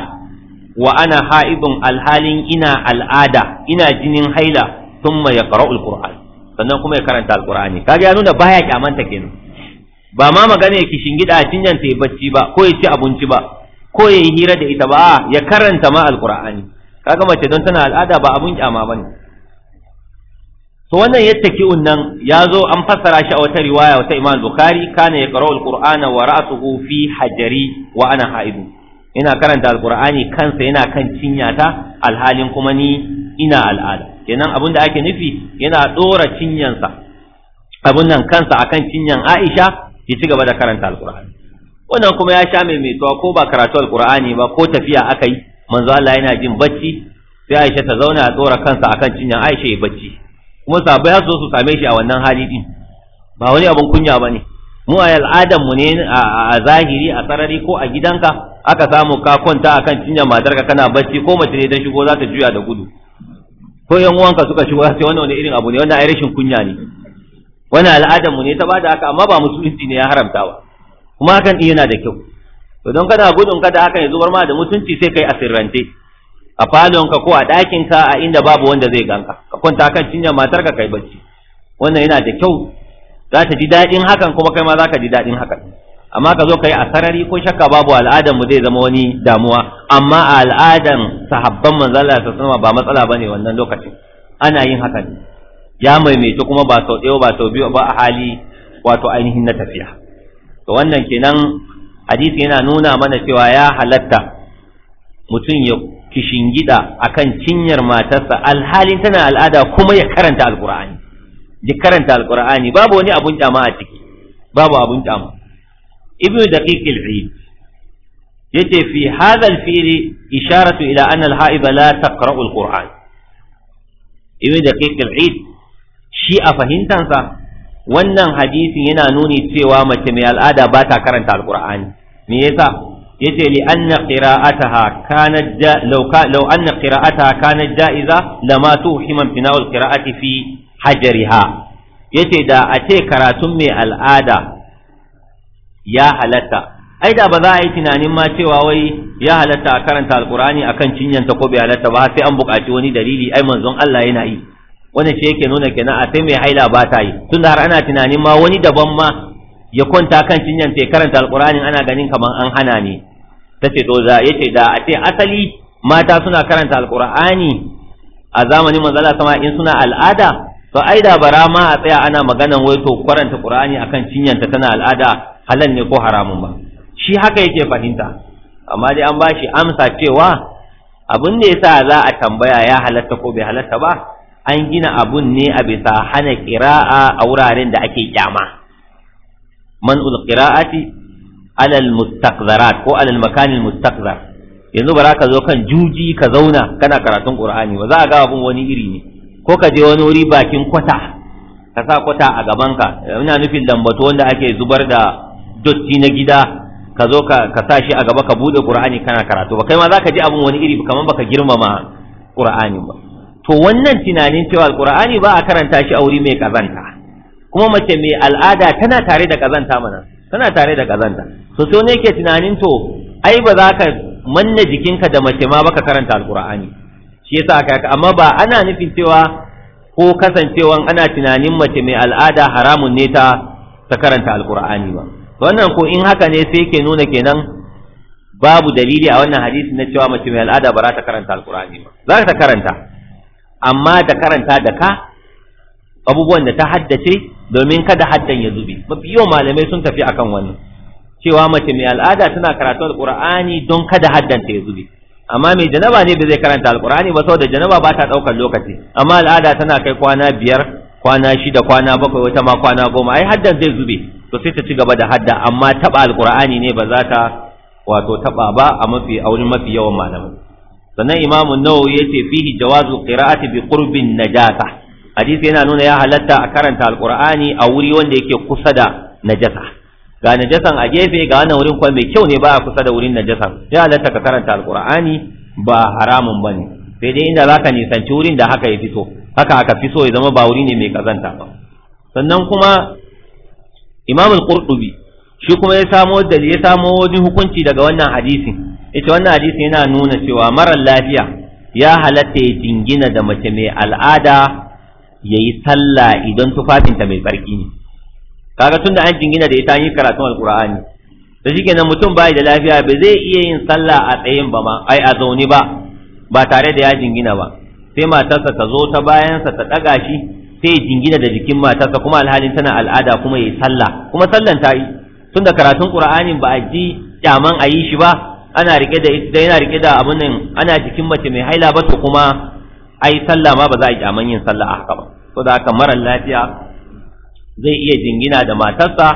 wa ana haibun alhalin ina al'ada ina jinin haila thumma yaqra'ul qur'an sannan kuma ya karanta alqur'ani kaga ya nuna baya kyamanta kenan ba ma magana ya kishingida a cinyanta ya bacci ba ko ya ci abinci ba ko ya yi hira da ita ba ya karanta ma alqur'ani kaga mace don tana al'ada ba abun kyama bane to wannan yattaki'un nan ya zo an fassara shi a wata riwaya wata Imam Bukhari kana ya al-Qur'ana wa ra'suhu fi hajari wa ana haidu ina karanta alkur'ani kansa yana kan cinyata alhalin kuma ni ina al'ada kenan abin da ake nufi yana dora cinyansa abun nan kansa akan cinyan Aisha ya ci gaba da karanta alkur'ani wannan kuma ya sha mai mai ko ba karatu alkur'ani ba ko tafiya aka yi manzo Allah yana jin bacci sai Aisha ta zauna a tsora kansa akan cinyan Aisha ya bacci kuma sabai har su same shi a wannan hali din ba wani abun kunya bane mu a al'adar mu ne a zahiri a sarari ko a gidanka aka samu ka kwanta akan cinyan matarka kana bacci ko mace ne dan shigo za ta juya da gudu ko yan uwanka suka shigo sai wannan wani irin abu ne wannan ai kunya ne wannan al'adar mu ne ta bada haka amma ba musulunci ne ya haramta ba kuma hakan iya yana da kyau to don kana gudun kada hakan ya zubar ma da mutunci sai kai asirrante a falon ka, ko a ɗakinka a inda babu wanda zai ganka ka kwanta kan cinyar matarka kai bacci wannan yana da kyau za ta ji daɗin hakan kuma kai ma za ka ji daɗin hakan amma ka zo ka yi a sarari ko shakka babu al'adan mu zai zama wani damuwa amma a al'adan sahabban manzala ta sama ba matsala bane wannan lokacin ana yin hakan. ya maimaita kuma ba sau ɗaya ba sau biyu ba a hali wato ainihin na tafiya to wannan kenan hadisi yana nuna mana cewa ya halatta mutum ya kishingida akan cinyar matarsa alhalin tana al'ada kuma ya karanta alqur'ani ya karanta alqur'ani babu wani abun kyama a ciki babu abun kyama ibnu daqiq al-eid yace fi hadha al-fi'l isharatu ila anna al-ha'iba la taqra'u al-qur'an ibnu daqiq al shi a fahimtansa wannan hadisin yana nuni cewa mace mai al'ada ba ta karanta alqur'ani me yasa yace li anna qira'ataha kanat ja law ka law anna qira'ataha kanat ja'iza lama tuhiman fina'ul qira'ati fi hajariha yace da a ce karatun mai al'ada ya halatta ai da ba za a yi tunanin ma cewa wai ya halatta a karanta alqur'ani akan cinyanta ko bai halatta ba sai an buƙaci wani dalili ai manzon Allah yana yi wannan shi yake nuna kenan a sai mai haila ba ta yi tunda har ana tunanin ma wani daban ma ya kwanta kan cinyan ta karanta alkur'ani ana ganin kaman an hana ne ce to za yace da a ce asali mata suna karanta alkur'ani a zamanin manzala sama in suna al'ada to ai da bara ma a tsaya ana maganan wai to karanta qur'ani akan ta tana al'ada halal ne ko haramun ba shi haka yake fahimta amma dai an bashi amsa cewa abin da yasa za a tambaya ya halatta ko bai halatta ba an gina abun ne a bisa hana ƙira'a a wuraren da ake kyama man'ul qira'ati alal mustaqzarat ko alal makanil mustaqzar yanzu ba ka zo kan juji ka zauna kana karatun qur'ani ba za a ga abun wani iri ne ko ka je wani wuri bakin kwata ka sa kwata a ka. ina nufin lambato wanda ake zubar da dotti na gida ka zo ka sa shi a gaba ka bude qur'ani kana karatu ba kai ma za ka ji abun wani iri kamar baka girmama qur'ani ba to wannan tunanin cewa alkur'ani ba a karanta shi a wuri mai kazanta kuma mace mai al'ada tana tare da kazanta mana tana tare da kazanta so sai ne yake tunanin to ai ba za ka manna jikinka da mace ma baka karanta alkur'ani shi yasa aka amma ba ana nufin cewa ko kasancewan ana tunanin mace mai al'ada haramun ne ta ta karanta alkur'ani ba wannan ko in haka ne sai ke nuna kenan babu dalili a wannan hadisi na cewa mace mai al'ada ba za ta karanta alkur'ani ba za ta karanta amma da karanta da ka abubuwan da ta haddace domin kada haddan ya zube mafi yawan malamai sun tafi akan wannan cewa mace mai al'ada tana karatu alqur'ani don kada haddan ta ya zube amma mai janaba ne ba zai karanta alqur'ani ba saboda janaba ba ta daukar lokaci amma al'ada tana kai kwana biyar kwana shida kwana bakwai wata ma kwana goma ai haddan zai zube to sai ta ci gaba da hadda amma taba alqur'ani ne ba za ta wato taba ba a mafi a mafi yawan malamai sannan imamun ya ce fihi jawazu qira'ati bi qurbin najasa hadisi yana nuna ya halatta a karanta alqur'ani a wuri wanda yake kusa da najasa ga najasan a gefe ga wannan wurin kuma mai kyau ne ba a kusa da wurin najasan ya halatta ka karanta alqur'ani ba haramun bane sai dai inda zaka nisanci wurin da haka ya fito haka aka fi so ya zama ba wuri ne mai kazanta ba sannan kuma imamul qurtubi shi kuma ya samo dalili ya samo wani hukunci daga wannan hadisin ita wannan hadisi yana nuna cewa marar lafiya ya halatta ya jingina da mace mai al'ada ya yi sallah idan tufafinta mai tsarki ne kaga tunda an jingina da ita an yi karatun alkur'ani da shi kenan mutum bai da lafiya ba zai iya yin sallah a tsayin ba ma ai a zaune ba ba tare da ya jingina ba sai matarsa ta zo ta bayansa ta ɗaga shi sai jingina da jikin matarsa kuma alhalin tana al'ada kuma ya yi sallah kuma sallan ta yi tunda karatun qur'anin ba a ji kyaman a yi shi ba ana rike da ita yana rike da abun nan ana jikin mace mai haila ba to kuma ai sallah ma ba za a ji aman yin sallah a haka ba saboda haka mara lafiya zai iya jingina da matarsa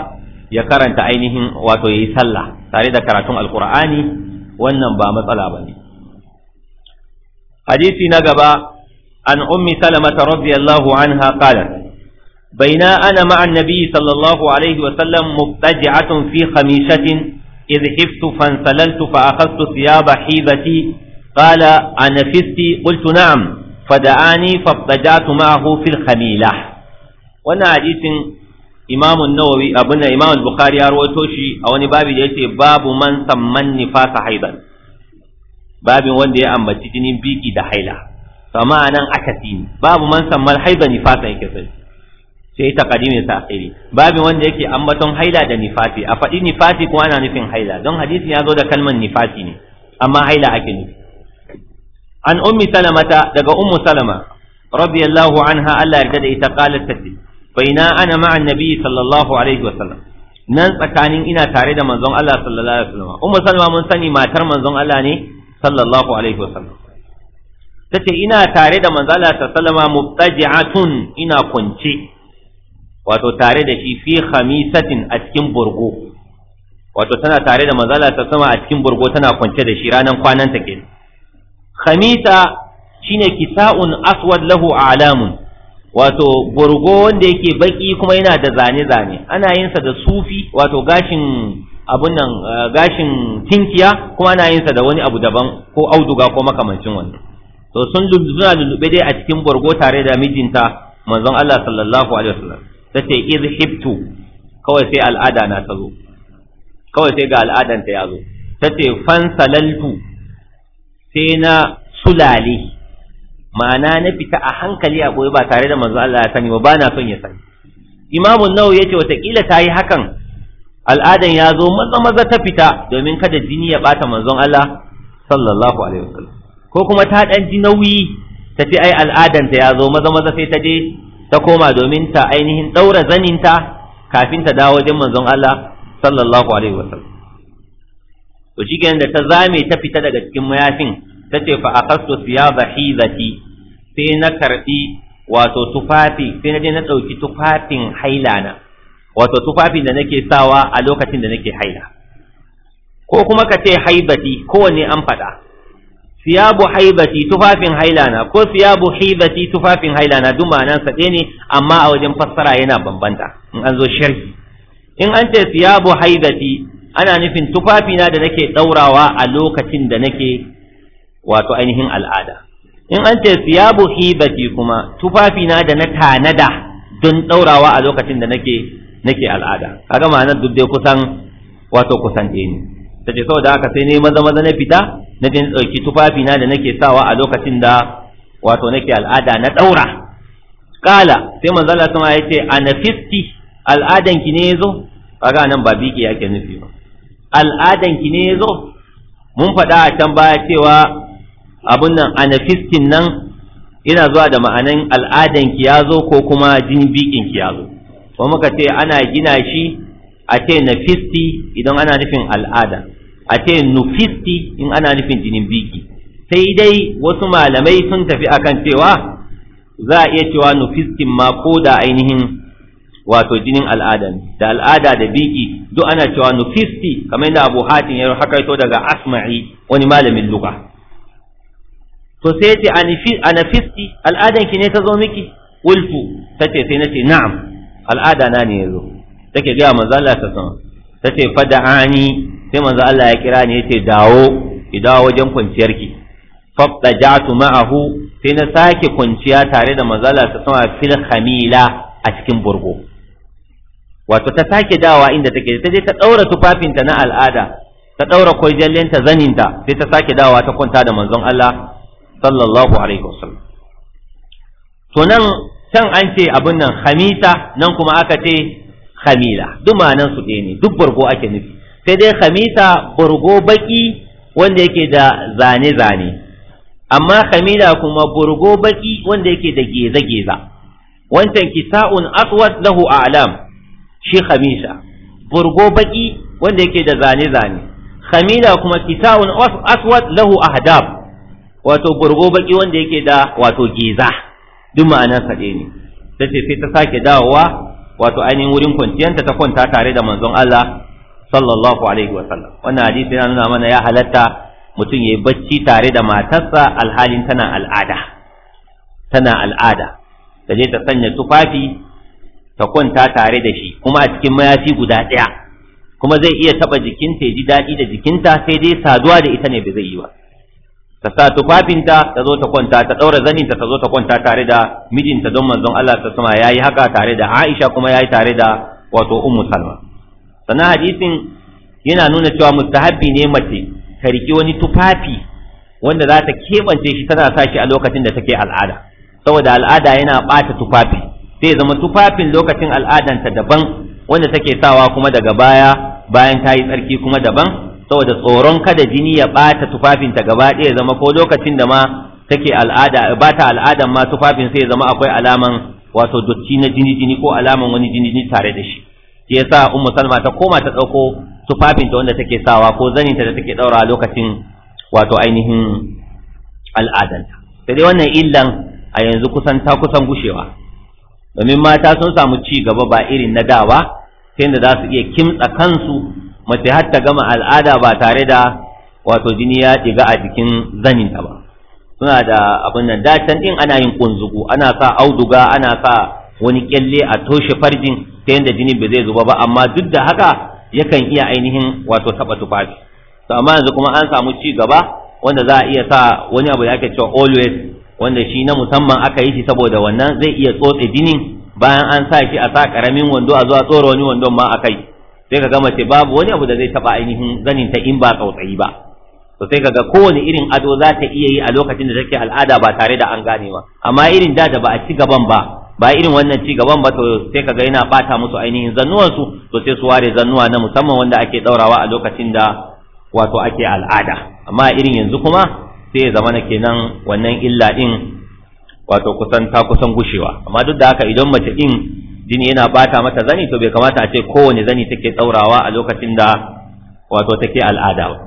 ya karanta ainihin wato yayi sallah tare da karatun alqur'ani wannan ba matsala bane hadisi na gaba an ummi salamata radiyallahu anha qalat بينا أنا مع النبي صلى الله عليه وسلم مبتجعة في خميشة إذ خفت فانسللت فأخذت ثياب حيبتي قال أنفست قلت نعم فدعاني فاضطجعت معه في الخميلة وانا حديث إمام النووي أبونا إمام البخاري أروتوشي أو بابي جيتي باب من سمن نفاس حيضا باب وندي أما تجنين بيكي دحيلة فما أنا أكتين باب من سمن حيضا نفاسا يكسر sai ta taqdimin sa akhiri babin wanda yake ambaton haila da nifasi a faɗi nifasi ko ana nufin haila don hadisi, ya zo da kalman nifasi ne amma haila ake nufi an ummi salamata daga ummu salama radiyallahu anha Allah yarda da ita qalat tati baina ana ma'a annabi sallallahu alaihi wasallam nan tsakanin ina tare da manzon Allah sallallahu alaihi sallam. ummu salama mun sani matar manzon Allah ne sallallahu alaihi wasallam tace ina tare da manzon Allah sallallahu alaihi wasallam mubtaji'atun ina kunce wato tare da shi fi khamisatin a cikin burgo wato tana tare da mazala ta sama a cikin burgo tana kwance da shi ranan kwanan ta kenan khamisa shine kisa'un aswad lahu alamun wato burgo wanda yake baki kuma yana da zane-zane ana yin sa da sufi wato gashin abun nan eh, gashin tinkiya kuma ana yin sa da wani abu daban ko auduga ko makamancin wannan to sun suna lulluɓe dai a cikin burgo tare da mijinta manzon Allah sallallahu alaihi wasallam ta ce izhibtu kawai sai al'ada na ta zo kawai sai ga al'adan ta ya zo ta ce fansalaltu sai na sulale ma'ana na fita a hankali a goyi ba tare da manzo Allah ya sani ba ba na son ya sani imamu ya yace watakila ta yi hakan al'adan ya zo maza maza ta fita domin kada jini ya bata manzon Allah sallallahu alaihi wasallam ko kuma ta dan ji nauyi ce ai al'adan ta ya zo maza maza sai ta je ta koma domin ta ainihin ɗaura zaninta kafin ta dawo wajen manzon Allah sallallahu alaihi wasallam Uji da ta zame ta fita daga cikin mayafin ta ce fa akastu siyaba hizati sai na karbi wato tufafi sai na je na ɗauki tufafin hailana wato tufafin da nake sawa a lokacin da nake haila ko kuma ka ce haibati kowanne an faɗa siyabu haibati tufafin hailana ko siyabu haibati tufafin hailana duk ma'anan sa ne amma a wajen fassara yana bambanta in an zo sharhi in an ce siyabu haibati ana nufin tufafina da nake daurawa a lokacin da nake wato ainihin al'ada in an ce siyabu hibati kuma tufafina da na tanada don ɗaurawa a lokacin da nake nake al'ada kaga ma'anar duk dai kusan wato kusan ɗaya ne tace saboda haka sai ne maza maza na fita na jin ɗauki tufafina da nake sawa a lokacin da wato nake al'ada na ɗaura kala sai manzo Allah sama ya ce anafisti al'adan ki ne yazo kaga nan ba biki yake nufi ba al'adan ki ne yazo mun faɗa a can baya cewa abun nan fistin nan yana zuwa da ma'anan al'adan ki yazo ko kuma jin bikin ki yazo kuma muka ce ana gina shi a ce na nafisti idan ana nufin al'ada a ce nufisti in ana nufin jinin biki sai dai wasu malamai sun tafi akan cewa za a iya cewa nufistin ma ko da ainihin wato jinin al'ada da al'ada da biki duk ana cewa nufisti kamar yadda abu hatin ya hakaito daga asma'i wani malamin luga to sai ce a nufisti al'adan ki ne ta zo miki Wulfu ta ce sai na ce na'am al'ada na ne ya zo take gaya manzo Allah ta san ta ce fada'ani sai manzo Allah ya kira ni yace dawo ki dawo wajen kwanciyarki faqtajatu ma'ahu sai na sake kwanciya tare da manzo Allah ta sama fil khamila a cikin burgo wato ta sake dawa inda take ta je ta daura tufafinta na al'ada ta daura kwarjallenta zaninta sai ta sake dawa ta kwanta da manzon Allah sallallahu alaihi wasallam to nan can an ce abin nan khamita nan kuma aka ce khamila duk ma'anan su ne duk burgo ake nufi sai dai khamisa burgo baki wanda yake da zane-zane amma khamila kuma burgo baki wanda yake da geza-geza wancan kisa'un aswad lahu a'lam shi khamisa burgo baki wanda yake da zane-zane khamila kuma kisa'un aswad lahu ahdab wato burgo baki wanda yake da wato geza duk ma'anar kaɗe ne Sai sai ta sake dawowa wato ainihin wurin kwanciyanta ta kwanta tare da manzon Allah sallallahu alaihi wa sallam wannan hadisi yana nuna mana ya halatta mutum yayi bacci tare da matarsa alhalin tana al'ada tana al'ada ta je ta sanya tufafi ta kwanta tare da shi kuma a cikin mayafi guda ɗaya kuma zai iya taɓa jikinta ya ji daɗi da jikinta sai dai saduwa da ita ne ba zai yi ba ta sa tufafinta ta zo ta kwanta ta ɗaura zaninta ta zo ta kwanta tare da mijinta don manzon Allah ta sama ya yi haka tare da Aisha kuma ya yi tare da wato Ummu Salma sannan hadisin yana nuna cewa mustahabbi ne mace ta riƙe wani tufafi wanda za ta keɓance shi tana sa shi a lokacin da take al'ada saboda al'ada yana ɓata tufafi sai zama tufafin lokacin al'adanta daban wanda take sawa kuma daga baya bayan ta yi tsarki kuma daban saboda tsoron kada jini ya ɓata tufafinta gaba ɗaya zama ko lokacin da ma take al'ada ba ta al'adan ma tufafin sai zama akwai alaman wato dotti na jini jini ko alaman wani jini jini tare da shi shi yasa ummu salma ta koma ta dauko tufafinta wanda take sawa ko zaninta da take daura lokacin wato ainihin al'adanta sai dai wannan illan a yanzu kusan ta kusan gushewa domin mata sun samu ci gaba ba irin na dawa, ba sai da za su iya kimtsa kansu mace har ta gama al'ada ba tare da wato jini ya diga a jikin zaninta ba suna da abin nan datan din ana yin kunzugu ana sa auduga ana sa wani kyalle a toshe farjin ta yadda jini ba zai zuba ba amma duk da haka yakan iya ainihin wato taɓa tufafi to amma yanzu kuma an samu ci gaba wanda za a iya sa wani abu da ake cewa always wanda shi na musamman aka yi shi saboda wannan zai iya tsotse jinin bayan an sa shi a sa karamin wando a zuwa tsora wani wandon ma a kai sai ka gama ce babu wani abu da zai taɓa ainihin zanin ta in ba tsautsayi ba to sai kaga kowane irin ado za ta iya yi a lokacin da take al'ada ba tare da an gane ba amma irin da da ba a ci gaban ba ba irin wannan ci gaban ba to sai kaga yana bata musu ainihin zannuwan su to sai su ware zannuwa na musamman wanda ake daurawa a lokacin da wato ake al'ada amma irin yanzu kuma sai ya zama kenan wannan illa din wato kusan ta kusan gushewa amma duk da haka idan mace din jini yana bata mata zani to bai kamata a ce kowane zani take daurawa a lokacin da wato take al'ada ba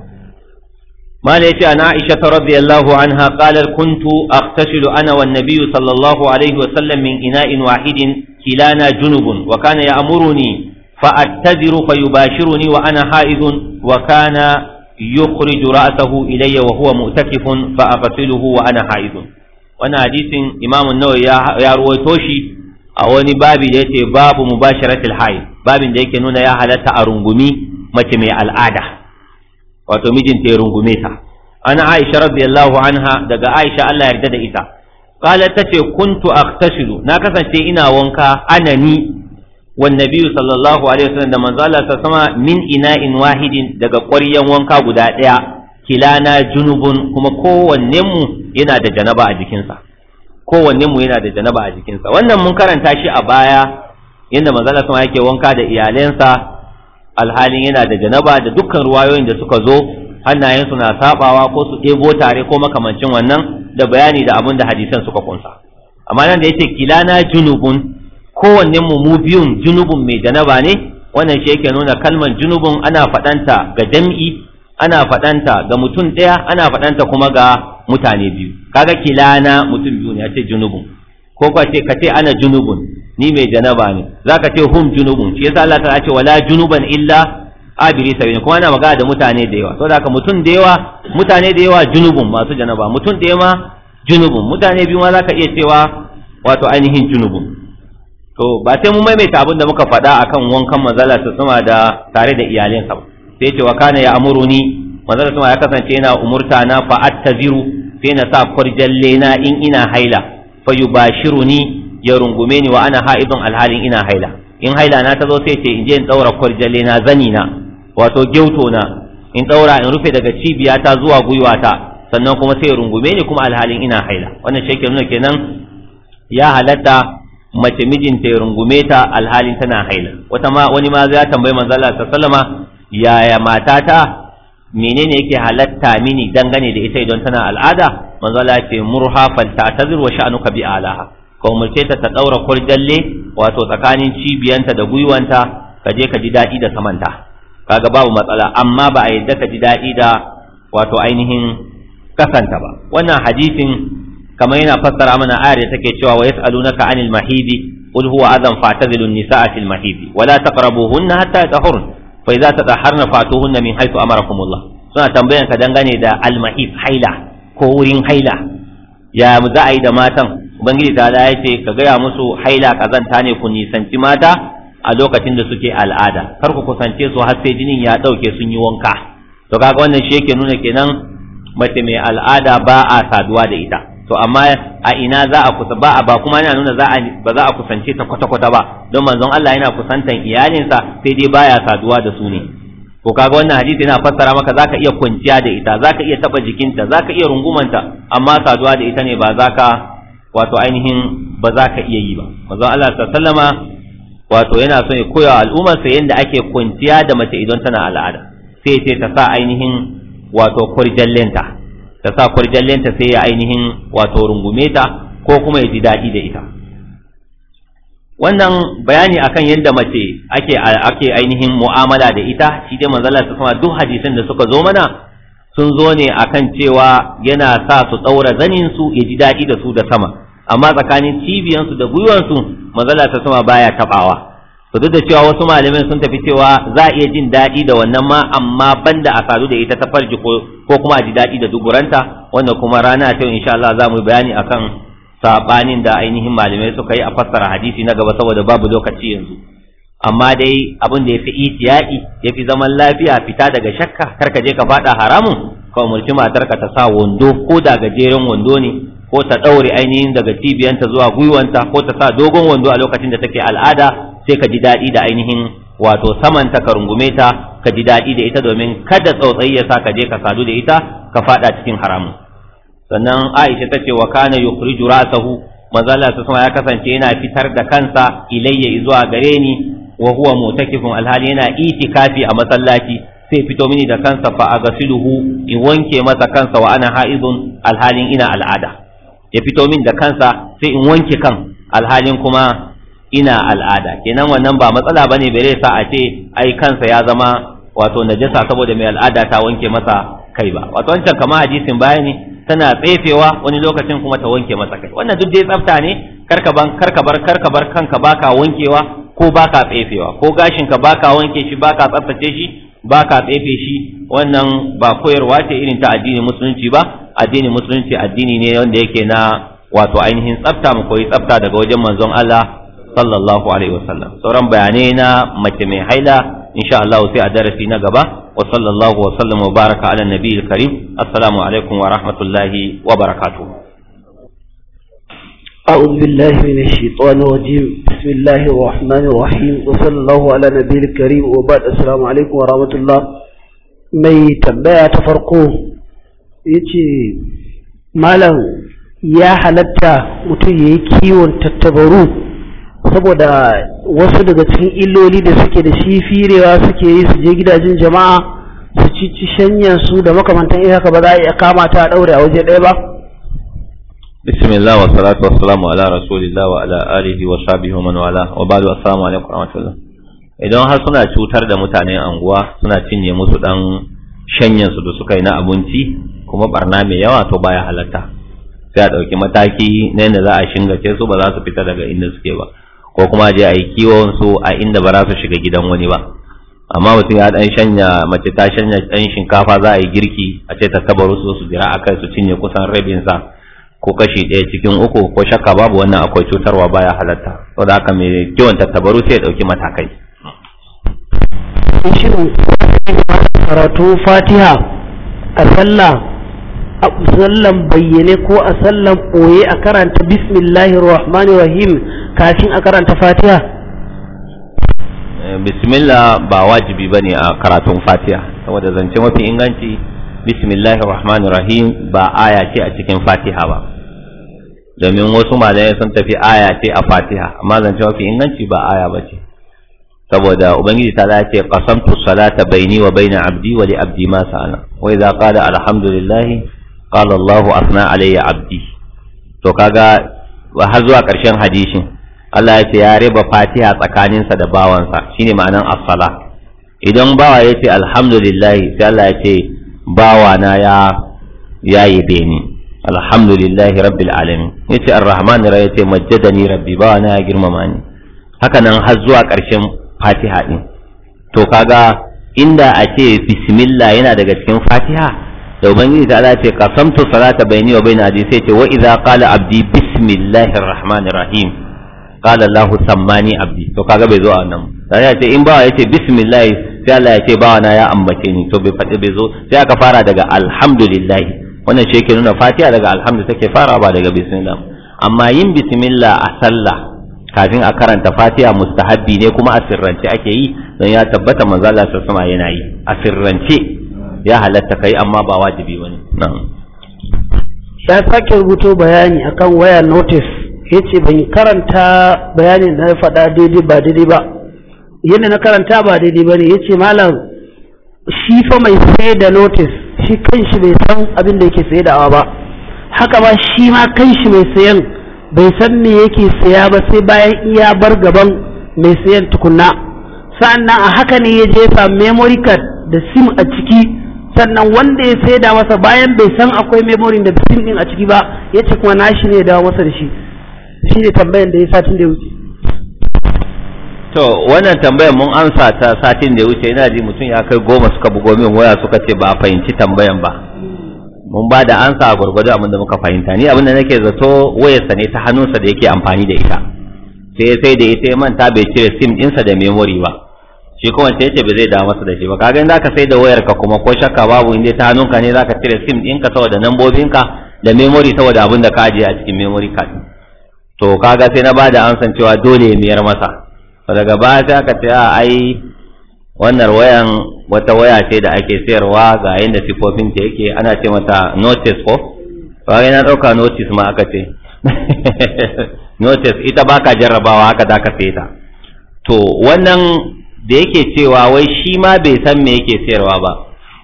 mala yace ana aisha ta radiyallahu anha qalat kuntu aqtashilu ana wan nabiy sallallahu alaihi wa sallam min ina'in wahidin kilana junubun wa kana ya'muruni fa attaziru fa yubashiruni wa ana haidun wa kana yukhriju ra'sahu ilayya wa huwa mu'takifun fa aqtiluhu wa ana haidun wannan hadisin imam an-nawawi ya ruwaito shi a wani babi da yace babu mubasharatil haid babin da yake nuna ya halatta a rungumi mace mai al'ada wato mijinta ya rungume ta an aisha radiyallahu anha daga aisha Allah yarda da ita ta tace kuntu aktashilu na kasance ina wanka anani wan nabiyyu sallallahu alaihi wasallam da manzo Allah sama min ina'in wahidin daga ƙwaryan wanka guda ɗaya kilana junubun kuma kowanne mu yana da janaba a jikinsa kowanne mu yana da janaba a jikinsa wannan mun karanta shi a baya yadda manzo Allah sama yake wanka da iyalensa alhalin yana da janaba da dukkan ruwayoyin da suka zo hannayensu na sabawa ko su ɗebo tare ko makamancin wannan da bayani da abin da hadisan suka kunsa amma nan da yace kilana junubun kowanne mu mu biyun junubun mai janaba ne wannan shi yake nuna kalmar junubun ana faɗanta ga jam'i ana faɗanta ga mutum ɗaya ana faɗanta kuma ga mutane biyu kaga kilana mutum biyu ne a ce junubun ko kuwa ce ka ce ana junubun ni mai janaba ne Za ka ce hum junubun shi yasa Allah ta ce wala junuban illa abiri sabini kuma ana magana da mutane da yawa saboda haka mutum da yawa mutane da yawa junubun masu janaba mutum da yawa junubun mutane biyu ma za ka iya cewa wato ainihin junubun to ba sai mun maimaita abin da muka faɗa akan wankan manzala su sama da tare da iyalinsa ba sai ce wa kana ya amuruni manzala sama ya kasance yana umurta na ta ziru. sai na sa kwarjalle na in ina haila fayubashiruni ya rungume ni wa ana haidun alhalin ina haila in haila na ta zo sai ce in je in daura kwarjalle na zani na wato gyauto na in daura in rufe daga cibiya ta zuwa gwiwata sannan kuma sai rungume ni kuma alhalin ina haila wannan shi ke nuna kenan ya halatta mace mijinta ya rungume ta alhalin tana haila wata ma wani ma zai tambayi manzo Allah sallama yaya matata menene yake halatta mini dangane da ita idan tana al'ada manzala ce murha tazurwa wa ka bi alaha ka umurce ta ta daura kurjalle wato tsakanin cibiyanta da gwiwanta ka je ka ji daɗi da samanta kaga babu matsala amma ba a yadda ka ji daɗi da wato ainihin kasanta ba wannan hadisin kamar yana fassara mana ayar da take cewa wa yas'alunaka anil mahidi qul huwa adhan fatazilun nisaa fil mahidi wa la taqrabuhunna hatta yatahurna fa idza tataharna fatuhunna min haythu amarakumullah suna tambayan ka dangane da al mahid haila ko wurin haila ya za a yi da matan ubangiji ta ya ce ka gaya musu haila kazanta ne ku nisanci mata a lokacin da suke al'ada kar ku kusance su har sai jinin ya ɗauke sun yi wanka to kaga wannan shi yake nuna kenan mace mai al'ada ba a saduwa da ita to amma a ina za a kusa ba ba kuma yana nuna za a ba za a kusance ta kwata kwata ba don manzon Allah yana kusantan iyalinsa sai dai baya saduwa da su ne ko kaga wannan hadisi yana fassara maka zaka iya kwanciya da ita zaka iya taba jikinta zaka iya rungumanta amma saduwa da ita ne ba zaka wato ainihin ba zaka iya yi ba manzo Allah sallama wato yana son ya koya al'ummar sa yanda ake kwanciya da mace idan tana al'ada sai sai ta sa ainihin wato kurjallenta ta sa kurjallenta sai ya ainihin wato rungume ta ko kuma ya ji daɗi da ita wannan bayani akan yadda mace ake ake ainihin mu'amala da ita shi dai manzala ta sama duk hadisin da suka zo mana sun zo ne akan cewa yana sa su tsaura zanin su ya ji daɗi da su da sama amma tsakanin cibiyan su da gwiwan su manzala ta sama baya tabawa to duk da cewa wasu malamin sun tafi cewa za a iya jin daɗi da wannan ma amma banda a sadu da ita ta farji ko kuma a ji daɗi da duguranta, wannan kuma rana ta insha Allah za mu bayani akan sabanin da ainihin malamai suka yi a fassara hadisi na gaba saboda babu lokaci yanzu amma dai abin da ya fi yafi ya fi zaman lafiya fita daga shakka kar ka je ka faɗa haramun ka umarci matar ka ta sa wando ko da gajeren wando ne ko ta ɗaure ainihin daga cibiyanta zuwa gwiwanta ko ta sa dogon wando a lokacin da take al'ada sai ka ji daɗi da ainihin wato saman ta ka rungume ta ka ji daɗi da ita domin kada tsautsayi ya sa ka je ka sadu da ita ka faɗa cikin haramun sannan Aisha ta ce wa kana yukhriju ra'sahu manzo Allah ta ya kasance yana fitar da kansa ilayya zuwa gare ni wa huwa kifin alhali yana itikafi a masallaci sai fito mini da kansa fa agasiluhu in wanke masa kansa wa ana haizun alhalin ina al'ada ya fito min da kansa sai in wanke kan alhalin kuma ina al'ada kenan wannan ba matsala bane bare sa a ce ai kansa ya zama wato najasa saboda mai al'ada ta wanke masa kai ba wato wancan kamar hadisin bayani tana tsefewa wani lokacin kuma ta wanke masa kai wannan duk dai tsafta ne karka ban karka bar karka bar kanka baka wankewa ko baka tsefewa ko gashin ka baka wanke shi baka tsaftace shi baka tsefe shi wannan ba koyarwa ce irin ta addinin musulunci ba addinin musulunci addini ne wanda yake na wato ainihin tsafta mu koyi tsafta daga wajen manzon Allah sallallahu alaihi wasallam sauran bayanai na mace mai haila insha Allah sai a darasi na gaba وصلى الله وسلم وبارك على النبي الكريم السلام عليكم ورحمة الله وبركاته أعوذ بالله من الشيطان الرجيم بسم الله الرحمن الرحيم وصلى الله على النبي الكريم وبعد السلام عليكم ورحمة الله mai tambaya ta farko ya ce malam ya halatta mutum ya yi kiwon tattabaru saboda wasu daga cikin illoli da suke da shi firewa suke yi su je gidajen jama'a su ci shanyan su da makamantan iya haka ba za a iya kama ta daure a waje ɗaya ba bismillah wa salatu wa salamu ala rasulillah wa ala alihi wa sahbihi wa man wala wa ba'du assalamu alaikum wa rahmatullah idan har suna cutar da mutanen anguwa suna cinye musu dan shanyan su da suka yi na abinci kuma barna mai yawa to baya halatta sai a ɗauki mataki na yadda za a shingace su ba za su fita daga inda suke ba ko kuma je a yi kiwon su a inda ba za su shiga gidan wani ba amma mutum ya dan shanya mace ta shanya dan shinkafa za a yi girki a ce ta saba rusu su jira a kai su cinye kusan rabin sa ko kashi ɗaya cikin uku ko shakka babu wannan akwai cutarwa baya halatta saboda haka mai kiwon ta tabaru sai ya ɗauki matakai. karatu fatiha a sallah a sallan bayyane ko a sallan ɓoye a karanta bismillahir rahim kafin a karanta fatiha eh, bismillah ba wajibi ba ne a karatun fatiha saboda zance mafi inganci bismillahir rahim ba aya ce a cikin fatiha ba domin wasu malaye sun tafi aya ce a fatiha amma zance mafi inganci ba aya ba ce saboda ubangiji ta ce qasamtu salata baini wa baina abdi wa li abdi ma sa'ala wa idza qala alhamdulillah qala Allahu asna alayya abdi to kaga har zuwa ƙarshen hadisin Allah ya ce ya riba fatiha tsakaninsa da bawansa shine ma'anan as-sala idan bawa ya ce alhamdulillah sai Allah ya ce bawa na ya yabe ni alhamdulillah rabbil alamin yace ar-rahman ya ce majjadani rabbi bawa na ya girmama ni haka nan har zuwa ƙarshen fatiha din to kaga inda a ce bismillah yana daga cikin fatiha da ubangiji ta ala ce qasamtu salata baini wa bayna abdi sai ce wa idza qala abdi bismillahir rahmanir rahim qala allah sammani abdi to kaga bai zo a nan sai ya ce in ba ya ce bismillah sai Allah ya ce ba na ya ambace ni to bai fadi bai zo sai aka fara daga alhamdulillah wannan shi yake nuna fatiha daga alhamdu take fara ba daga bismillah amma yin bismillah a sallah kafin a karanta fatiha mustahabbi ne kuma a sirrance ake yi don ya tabbata manzo Allah sallallahu yana yi a sirrance ya halatta kai amma ba wajibi bane na'am ya sake rubuto bayani akan waya notice yace ban karanta bayanin na faɗa daidai ba daidai ba yadda na karanta ba daidai bane yace malam shi fa mai sai da notice shi kanshi bai san abin da yake saye da ba haka ba shi ma kanshi mai sayan bai san me yake saya ba sai bayan iya bar gaban mai sayan tukunna sa'annan a haka ne ya jefa memory card da sim a ciki sannan wanda ya saida masa bayan bai san akwai memory da bitin din a ciki ba ya ce kuma nashi ne ya dawo masa da shi shi ne tambayan da ya satin da ya wuce to wannan tambayar mun ansa ta satin da ya wuce ina ji mutum ya kai goma suka bugo min waya suka ce ba a fahimci tambayan ba mun ba da ansa a gwargwado abin da muka fahimta ni abin da nake zato wayarsa ne ta hannunsa da yake amfani da ita sai sai da ita ya manta bai cire sim ɗinsa da memory ba shi kuma sai yace ba zai da masa da shi ba kaga in zaka sai da wayar ka kuma ko shakka babu inda ta hannunka ne zaka cire sim din ka saboda nambobin ka da memory saboda abin da ka ajiye a cikin memory card to kaga sai na bada amsan cewa dole ya miyar masa daga baya sai aka ce a ai wannan wayan wata waya ce da ake sayarwa ga yadda sifofin ta yake ana ce mata notice ko ba na ɗauka notice ma aka ce notice ita baka jarrabawa haka za ka sai ta to wannan da yake cewa wai shi ma bai san me yake sayarwa ba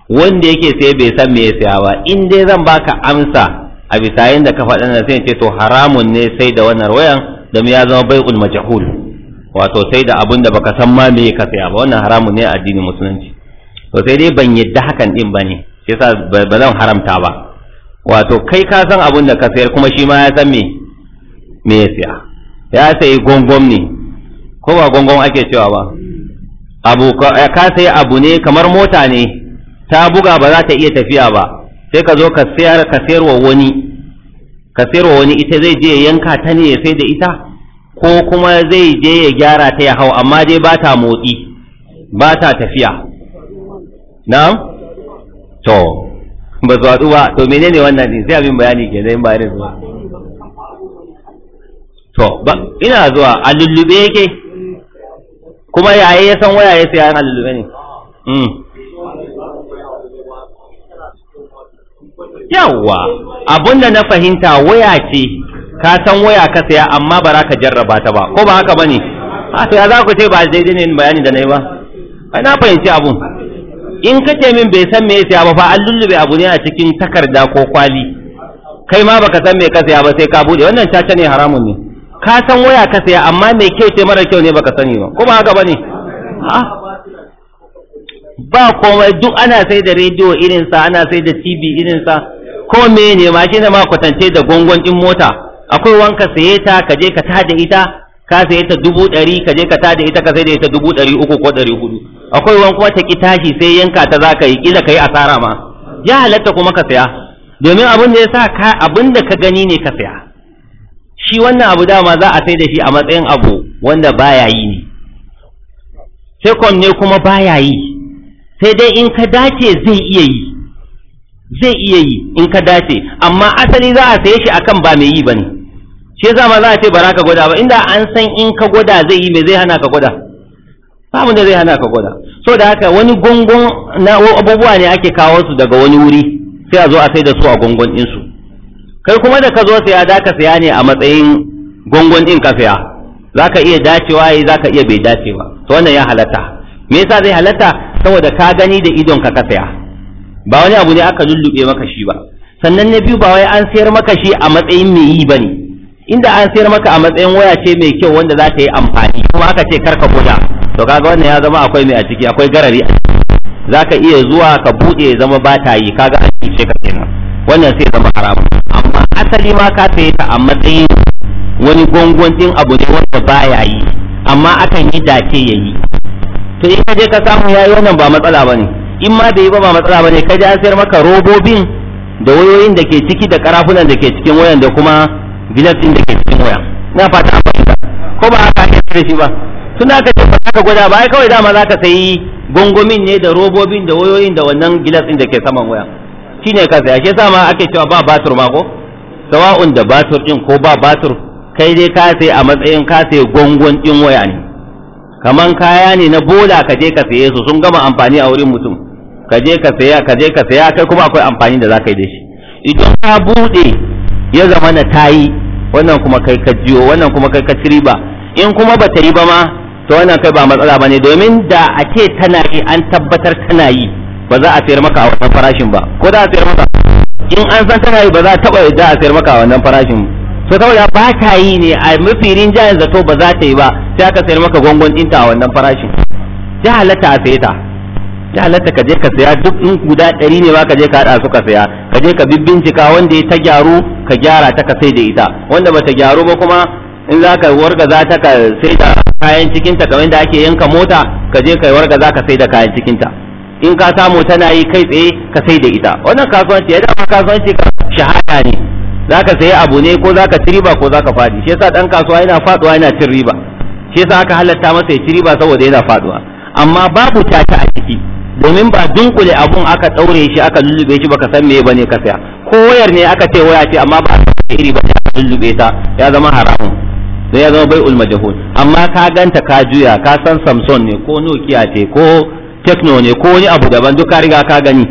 wanda yake sai bai san me ya saya ba in dai zan baka amsa a bisa da ka faɗa na sai ce to haramun ne sai da wannan wayan da ya zama ul majhul wato sai da abun da baka san ma me ka saya ba wannan haramun ne a addinin musulunci to sai dai ban yadda hakan din bane shi yasa ba zan haramta ba wato kai ka san abun da ka sayar kuma shi ma ya san me me ya saya ya sayi gongom ne ko ba gongom ake cewa ba abu eh, ka sai abu ne kamar mota ne ta buga ba za ta iya tafiya ba sai ka zo ka sayar ka sayarwa wani ka sayarwa wani ita zai je yanka ta ne ya sai da ita ko kuma zai je ya gyara ta ya hau amma dai ba ta motsi ba ta tafiya na'am to ba su haɗu ba to menene wannan din sai abin bayani ke zai ba zuwa to ba ina zuwa a lullube yake kuma yaye ya san waya ya sai yayin alulube ne hmm. Yawa abunda na fahimta waya ce ka san waya ka saya amma ba za ka jarraba ta ba ko ba haka bane a ah, to ya za ku ce ba daidai ne bayani da na yi ba ai na fahimci abun in ka ce min bai san me ya saya ba fa an lullube abu ne a cikin takarda ko kwali kai ma baka san me ka saya ba sai ka bude wannan caca ne haramun ne ka san waya ka saya amma mai kyau ce mara kyau ne baka sani ba kuma ba haka bane ba komai duk ana sai da rediyo irin sa ana sai da TV irin sa ko me ne ma shi ne ma kwatance da gongon din mota akwai wanka saye ta ka je ka tada ita ka saye ta dubu ɗari ka je ka tada ita ka saye ta dubu ɗari uku ko ɗari hudu akwai wani kuma ta sai yanka ta za ka yi kila ka yi asara ma ya halatta kuma ka saya domin abin da ya sa abin da ka gani ne ka saya shi wannan abu dama za a sai da shi a matsayin abu wanda ba ya yi ne second ne kuma ba ya yi sai dai in ka dace zai iya yi zai iya yi in ka dace amma asali za a saye shi akan ba mai yi ba ne, shi yasa ma za a ce bara ka gwada ba inda an san in ka gwada zai yi mai zai hana ka gwada babu da zai hana ka gwada so da haka wani gungun na abubuwa ne ake kawo su daga wani wuri sai a zo a sai da su a gungun ɗinsu kai kuma da ka zo saya da ka saya ne a matsayin gongon din ka za zaka iya dacewa yi eh, zaka iya bai dacewa to wannan ya halatta me yasa zai halatta saboda ka gani da idon ka ka saya ba wani abu ne aka lullube maka shi ba sannan na biyu ba wai an sayar maka shi a matsayin mai yi bane inda an sayar maka a matsayin waya ce mai kyau wanda za ta yi amfani kuma aka ce karka goda to kaga wannan ya zama akwai mai a ciki akwai garari a ciki zaka iya zuwa ka bude zama ba ta yi kaga an ce ka kenan wannan sai zama haramun amma asali ma ka saye ta a matsayin wani gwangwantin abu ne wanda ba ya yi amma akan yi dace ya yi to in ka je ka samu yayi wannan ba matsala bane in ma bai yi ba ba matsala bane ka je sayar maka robobin da wayoyin da ke ciki da karafunan da ke cikin wayan da kuma gilasin da ke cikin wayan na fata an fahimta ko ba haka ake da shi ba tun aka ce ba ka gwada ba ai kawai dama za ka sayi gongomin ne da robobin da wayoyin da wannan gilas da ke saman wayan shine ka saya shi sa ma ake cewa ba batur ma ko sawa'un da batur din ko ba batur kai dai ka sai a matsayin ka sai gongon din waya ne kaman kaya ne na bola ka je ka saye su sun gama amfani a wurin mutum ka je ka saya ka je ka saya kai kuma akwai amfani da za ka yi da shi idan ka bude ya zama na tayi wannan kuma kai ka jiyo wannan kuma kai ka ci in kuma ba ta riba ma to wannan kai ba matsala ba ne domin da a ce tana yi an tabbatar tana yi ba za a sayar maka a wannan farashin ba ko za a sayar maka in an san kana yi ba za a taɓa yadda a sayar maka wannan farashin so saboda ba ta yi ne a mafi jihar zato ba za ta yi ba sai aka sayar maka gwangon ɗinta a wannan farashin ya halatta a saye ta ya halatta ka je ka saya duk in guda ɗari ne ba ka je ka haɗa su ka saya ka je ka bibbincika wanda ya ta gyaru ka gyara ta ka sai da ita wanda ba ta gyaru ba kuma in za ka warga za ta ka sai da kayan cikinta kamar da ake yanka mota ka je ka warga za ka sai da kayan cikinta in ka samu tana yi kai tsaye ka sai da ita wannan kasuwanci ya dama kasuwanci ka shahada ne za ka sayi abu ne ko za ka ci riba ko za ka faɗi shi yasa ɗan kasuwa yana faɗuwa yana cin riba shi yasa aka halatta masa ya ci riba saboda yana faɗuwa amma babu tata a ciki domin ba dunkule abun aka ɗaure shi aka lullube shi baka san meye bane ka saya ko wayar ne aka ce waya ce amma ba a iri ba aka lullube ta ya zama haramun don ya zama bai ulmajahul amma ka ganta ka juya ka san samson ne ko nokia ce ko tekno ne ko wani abu daban duk ka riga ka gani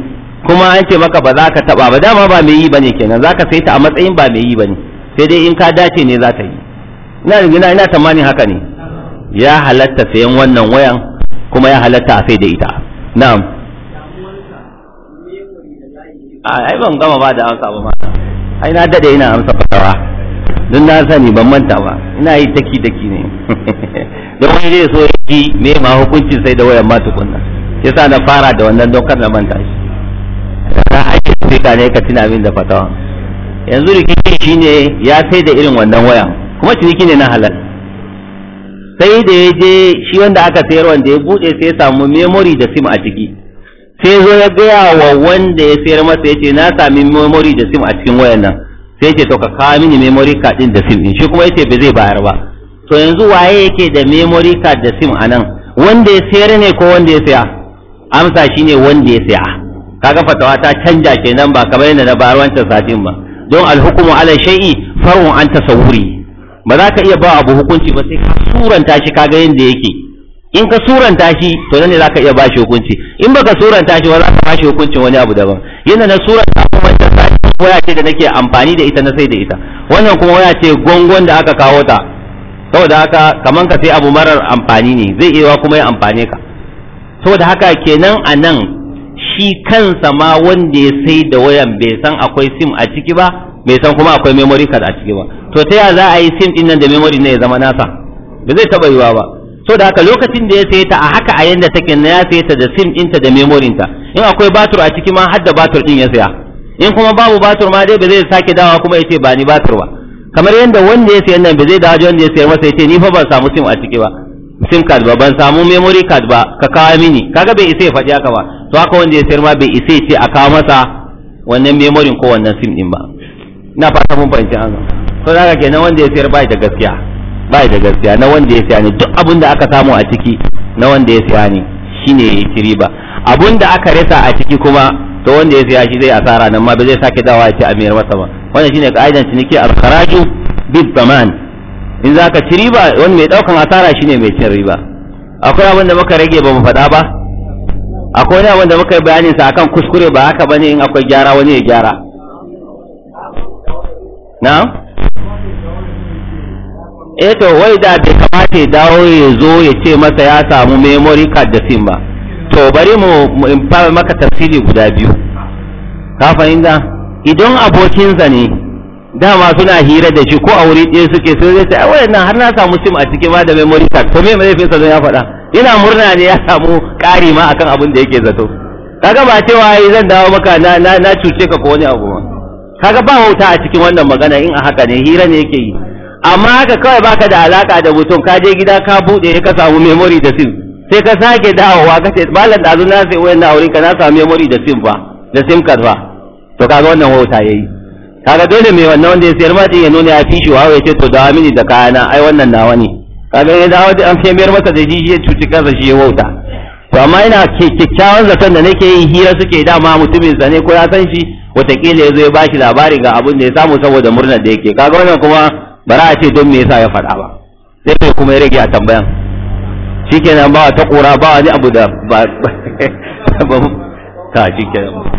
kuma an ce maka ba za ka taba ba dama ba mai yi bane kenan za ka sai ta a matsayin ba mai yi bane sai dai in ka dace ne za ta yi ina ina ina tamani haka ne ya halatta sayan wannan wayan kuma ya halatta a sai da ita na'am ai ban gama ba da amsa ba ma ai na dade ina amsa fatawa don na sani ban manta ba ina yi daki daki ne don wani zai so ya ji me ma hukuncin sai da wayan ma tukunna yasa na fara da wannan don kar na manta shi na ake fika ne ka tuna min da fatawa yanzu rikici shine ya sai da irin wannan waya kuma ciniki ne na halal sai da ya je shi wanda aka sayar wanda ya bude sai ya samu memori da sim a ciki sai zo ya gaya wa wanda ya sayar masa ya ce na sami memory da sim a cikin wayan nan sai ce to ka kawo mini memori card din da sim din shi kuma yace ba zai bayar ba to yanzu waye yake da memori card da sim a nan wanda ya sayar ne ko wanda ya saya amsa shine wanda ya saya kaga fatawa ta canja kenan ba kamar yadda na bayar wancan satin ba don alhukumu ala shay'i far'un an tasawuri ba za ka iya ba abu hukunci ba sai ka suranta shi kaga yadda yake in ka suranta shi to nan ne za ka iya ba shi hukunci in baka suranta shi ba za ka ba shi hukuncin wani abu daban yadda na suranta kuma ta satin waya ce da nake amfani da ita na sai da ita wannan kuma waya ce gongon da aka kawo ta saboda haka kamar ka sai abu marar amfani ne zai iya kuma ya amfane ka saboda haka kenan a nan shi kansa ma wanda ya sai da wayan bai san akwai sim a ciki ba bai san kuma akwai memory card a ciki ba to ta ya za a yi sim din nan da memory ne ya zama nasa ba zai taba yiwa ba saboda haka lokacin da ya sai ta a haka a yanda take na ya sai ta da sim ta da memory ta in akwai batur a ciki ma har da batur din ya saya in kuma babu batur ma dai ba zai sake dawa kuma yace ba ni batur ba kamar yanda wanda ya sayi nan ba zai dawo wanda ya sayar masa yace ni fa ban samu sim a ciki ba sim card ba ban samu memory card ba ka kawo mini kaga bai isa ya faɗi haka ba to haka wanda ya sayar ma bai isa ce a kawo masa wannan memory ko wannan sim din ba ina fata mun fahimci an to ke kenan wanda ya sayar bai da gaskiya bai da gaskiya na wanda ya saya ne duk abin da aka samu a ciki na wanda ya saya ne shine ya ci riba abin da aka rasa a ciki kuma to wanda ya saya shi zai asara nan ma ba zai sake dawa ya ce a mayar masa ba wannan shine ka'idan ciniki al-kharaju bid-daman in za ka ci riba wani mai ɗaukan asara shine mai cin riba akwai abin da muka rage ba mu faɗa ba akwai wani abin da muka yi bayanin sa akan kuskure ba haka bane in akwai gyara wani ya gyara na eh to wai da bai kamata ya dawo ya zo ya ce masa ya samu memory card da sim ba to bari mu in fara maka tafsiri guda biyu ka fahimta idan abokinsa ne dama suna hira da shi ko a wuri ɗaya suke sai zai ce ai nan har na samu sim a cikin ba da memory card to me mai fesa zan ya faɗa ina murna ne ya samu ƙari ma akan abin da yake zato kaga ba cewa ai zan dawo maka na na na cuce ka ko wani abu ma kaga ba wauta a cikin wannan magana in a haka ne hira ne yake yi amma haka kawai baka da alaka da mutum ka je gida ka buɗe ka samu memory da sim sai ka sake dawowa ka ce mallan da na sai na auren ka na samu memory da sim ba da sim card ba to kaga wannan wauta yayi kaga dole mai wannan wanda ya sayar ma din ya nuna ya fi shi wa ya ce to da mini da kayana ai wannan nawa ne kaga ya dawo da an sayar masa da jiji ya cuci kansa shi ya wauta to amma ina kyakkyawan zaton da nake yi hira suke dama mutumin sa ne ko ya san shi watakila ya zo ya bashi labari ga abin da ya samu saboda murnar da yake kaga wannan kuma bara a ce don me yasa ya faɗa ba sai mai kuma ya rage a tambayan shikenan ba ta kura ba wani abu da ba ta shikenan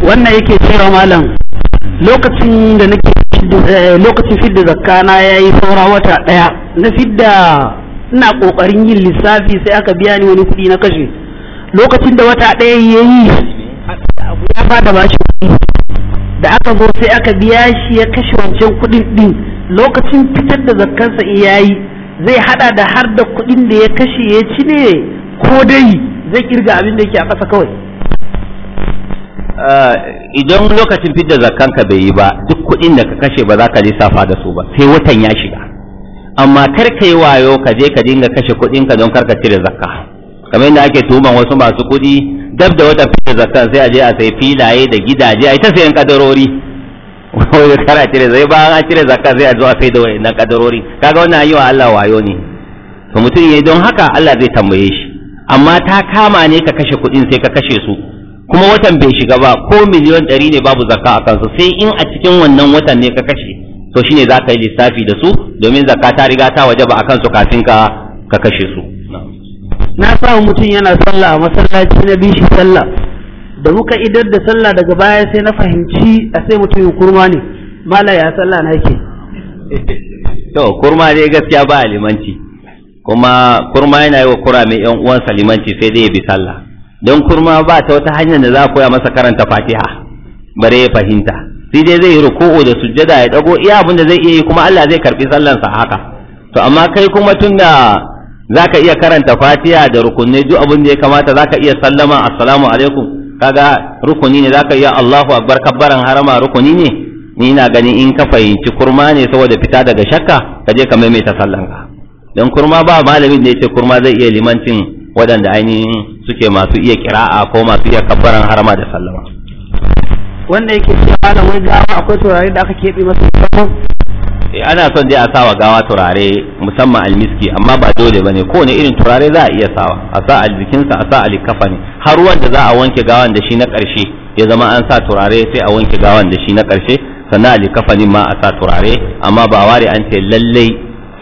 wannan yake cewa malam lokacin da nake eh, lokacin fidda zakka na yi saura wata daya na fidda ina kokarin yin lissafi sai aka biya ni wani kuɗi na kashe lokacin da wata daya ya yi ya fada bashi kuɗi da aka zo sai aka biya shi ya kashe wancan kuɗin din lokacin fitar da zakkansa yi zai hada da har da kuɗin da ya kashe ya ci ne ko dai zai kirga abin da yake a ƙasa kawai Eh, idan lokacin fidda zakanka bai yi ba duk kuɗin da ka kashe ba za ka lissafa da su ba sai watan ya shiga amma kar ka yi wayo ka je ka dinga kashe kuɗinka don kar ka cire zakka kamar yadda ake tuhuman wasu masu kuɗi dab da watan fidda zakka sai a je a sai filaye da gidaje a yi ta sayan kadarori wani kar a cire zai ba a cire zakka sai a zo a sai da wani kadarori kaga wannan yi wa Allah wayo ne to mutum yayi don haka Allah zai tambaye shi amma ta kama ne ka kashe kuɗin sai ka kashe su kuma watan bai shiga ba ko miliyon ɗari ne babu zakka a kansu sai in a cikin wannan watan ne ka kashe to shine za ka yi lissafi da su domin zakka ta riga ta waje ba a kansu kafin ka ka kashe su na samu mutum yana sallah a masallaci na bi shi sallah da muka idar da sallah daga baya sai na fahimci a sai mutum kurma ne mala ya sallah na ke to kurma dai gaskiya ba limanci kuma kurma yana yi wa kurame yan uwansa limanci sai dai ya bi sallah don kurma ba ta wata hanyar da za a koya masa karanta fatiha bare ya fahimta sai dai zai yi ruku'u da sujjada ya dago iya abin da zai iya yi kuma Allah zai karbi sallansa haka to amma kai kuma tunda zaka iya karanta fatiha da rukunai duk abin da ya kamata zaka iya sallama assalamu alaikum kaga rukuni ne zaka iya Allahu akbar kabbaran harama rukuni ne ni na gani in ka fahimci kurma ne saboda fita daga shakka ka je ka maimaita sallanka don kurma ba malamin da ya ce kurma zai iya limancin waɗanda ainihin suke masu iya kira'a ko masu iya kabbaran harama da sallama wanda yake cewa da wani gawa akwai turare da aka keɓe masu musamman eh, ana son dai a sawa gawa turare musamman almiski amma ba dole bane ne irin turare za a iya sawa a sa a jikinsa a sa a ne har wanda za a wanke gawan da shi na ƙarshe ya zama an sa turare sai a wanke gawan da shi na ƙarshe sannan a likafanin ma a sa turare amma ba ware an ce lallai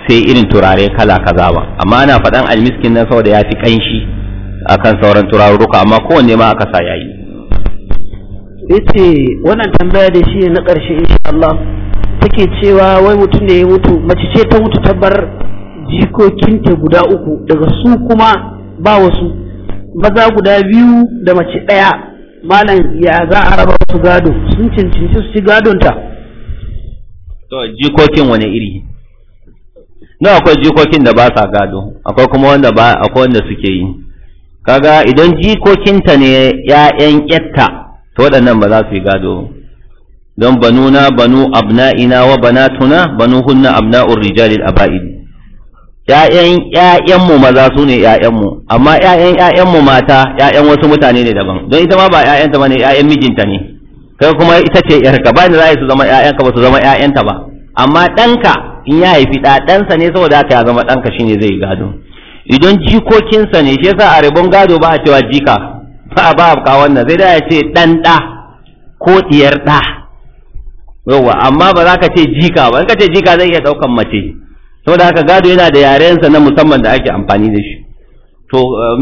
sai irin turare kala kaza ba amma ana faɗan almiskin nan saboda ya fi ƙanshi akan sauran turaruka amma kowanne ma aka sa yayi yace wannan tambaya da shi na ƙarshe insha Allah take cewa wai mutum ne ya mutu mace ce ta mutu tabbar jikokinta guda uku daga su kuma ba wasu maza guda biyu da mace ɗaya malam ya za a raba su gado sun cincinci su ci gadonta to jikokin wani iri na akwai jikokin da ba sa gado akwai kuma wanda ba akwai wanda suke yi kaga idan jikokinta ne ‘ya'yan ƙyatta to waɗannan ba za su yi gado don na banu abna'ina wa banatuna banu hunna abna'ur rijalil aba'id ‘ya'yan ‘ya'yanmu maza su ne ‘ya'yanmu amma ‘ya'yan ‘ya'yanmu mata ‘ya'yan wasu mutane ne daban don ita ma ba ‘ya'yanta ba ne ‘ya'yan mijinta ne kai kuma ita ce ‘yarka ba ni za su zama ‘ya'yanka ba su zama ‘ya'yanta ba amma ɗanka in ya haifi ɗansa ne saboda haka ya zama ɗanka shi ne zai gado idan jikokinsa ne shi yasa a rabon gado ba a cewa jika ba a ba a wannan Zai da ya ce ɗan ɗa ko ɗiyar ɗa yawa amma ba za ka ce jika ba in ka ce jika zai iya ɗaukan mace saboda haka gado yana da yarensa na musamman da ake amfani da shi to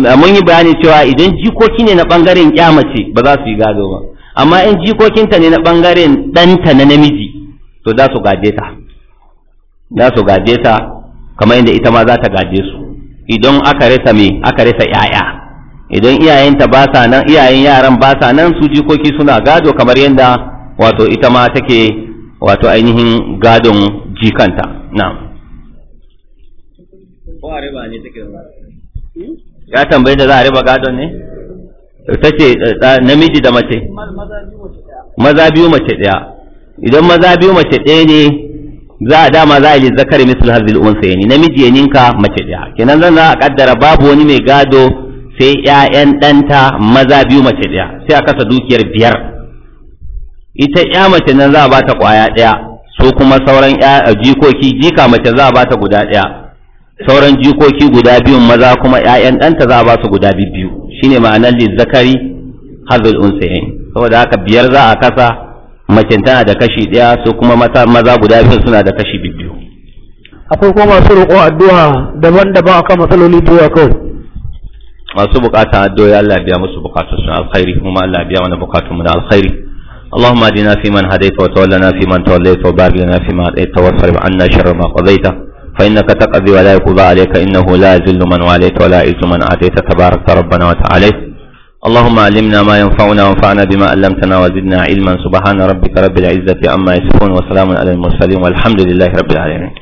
eh, mun yi bayani cewa idan jikoki ne na ɓangaren ƙya mace ba za su yi gado ba amma in jikokinta ne na ɓangaren ɗanta na namiji to za su gaje ta za su gaje ta kamar yadda ita ma za ta gaje su idan aka rasa me aka rasa yaya idan iyayenta ba sa nan iyayen yaran ba sa nan su jikoki suna gado kamar yadda wato ita ma take wato ainihin gadon jikanta na'am ya tambayi da za a riba gadon ne ta ce namiji da mace maza biyu mace ɗaya idan maza biyu mace ɗaya ne za a dama za a yi zakari misal hazil unsayni namiji ya ninka mace ɗaya. kenan zan za a kaddara babu wani mai gado sai ƴaƴan ɗanta maza biyu mace ɗaya sai a kasa dukiyar biyar ita ƴa mace nan za a bata kwaya ɗaya. su kuma sauran ƴa eh, jikoki jika mace za a bata guda daya sauran jikoki guda biyu maza kuma ƴaƴan ɗanta za a ba su guda biyu shine ma'anar li zakari hazil unsayni saboda haka biyar za a kasa macen tana da kashi daya su kuma maza guda biyu suna da kashi biyu akwai kuma masu roƙo addu'a daban-daban akan matsaloli da yawa kai masu bukata addu'a Allah biya musu bukatun su alkhairi kuma Allah biya mana bukatun mu da alkhairi اللهم اهدنا فيمن هديت وتولنا فيمن توليت وبارك لنا فيما اعطيت واصرف عنا شر ما قضيت فانك تقضي ولا يقضى عليك انه لا يذل من واليت ولا يعز من اتيت تبارك ربنا وتعاليت اللهم علمنا ما ينفعنا وانفعنا بما علمتنا وزدنا علما سبحان ربك رب العزة عما يصفون وسلام على المرسلين والحمد لله رب العالمين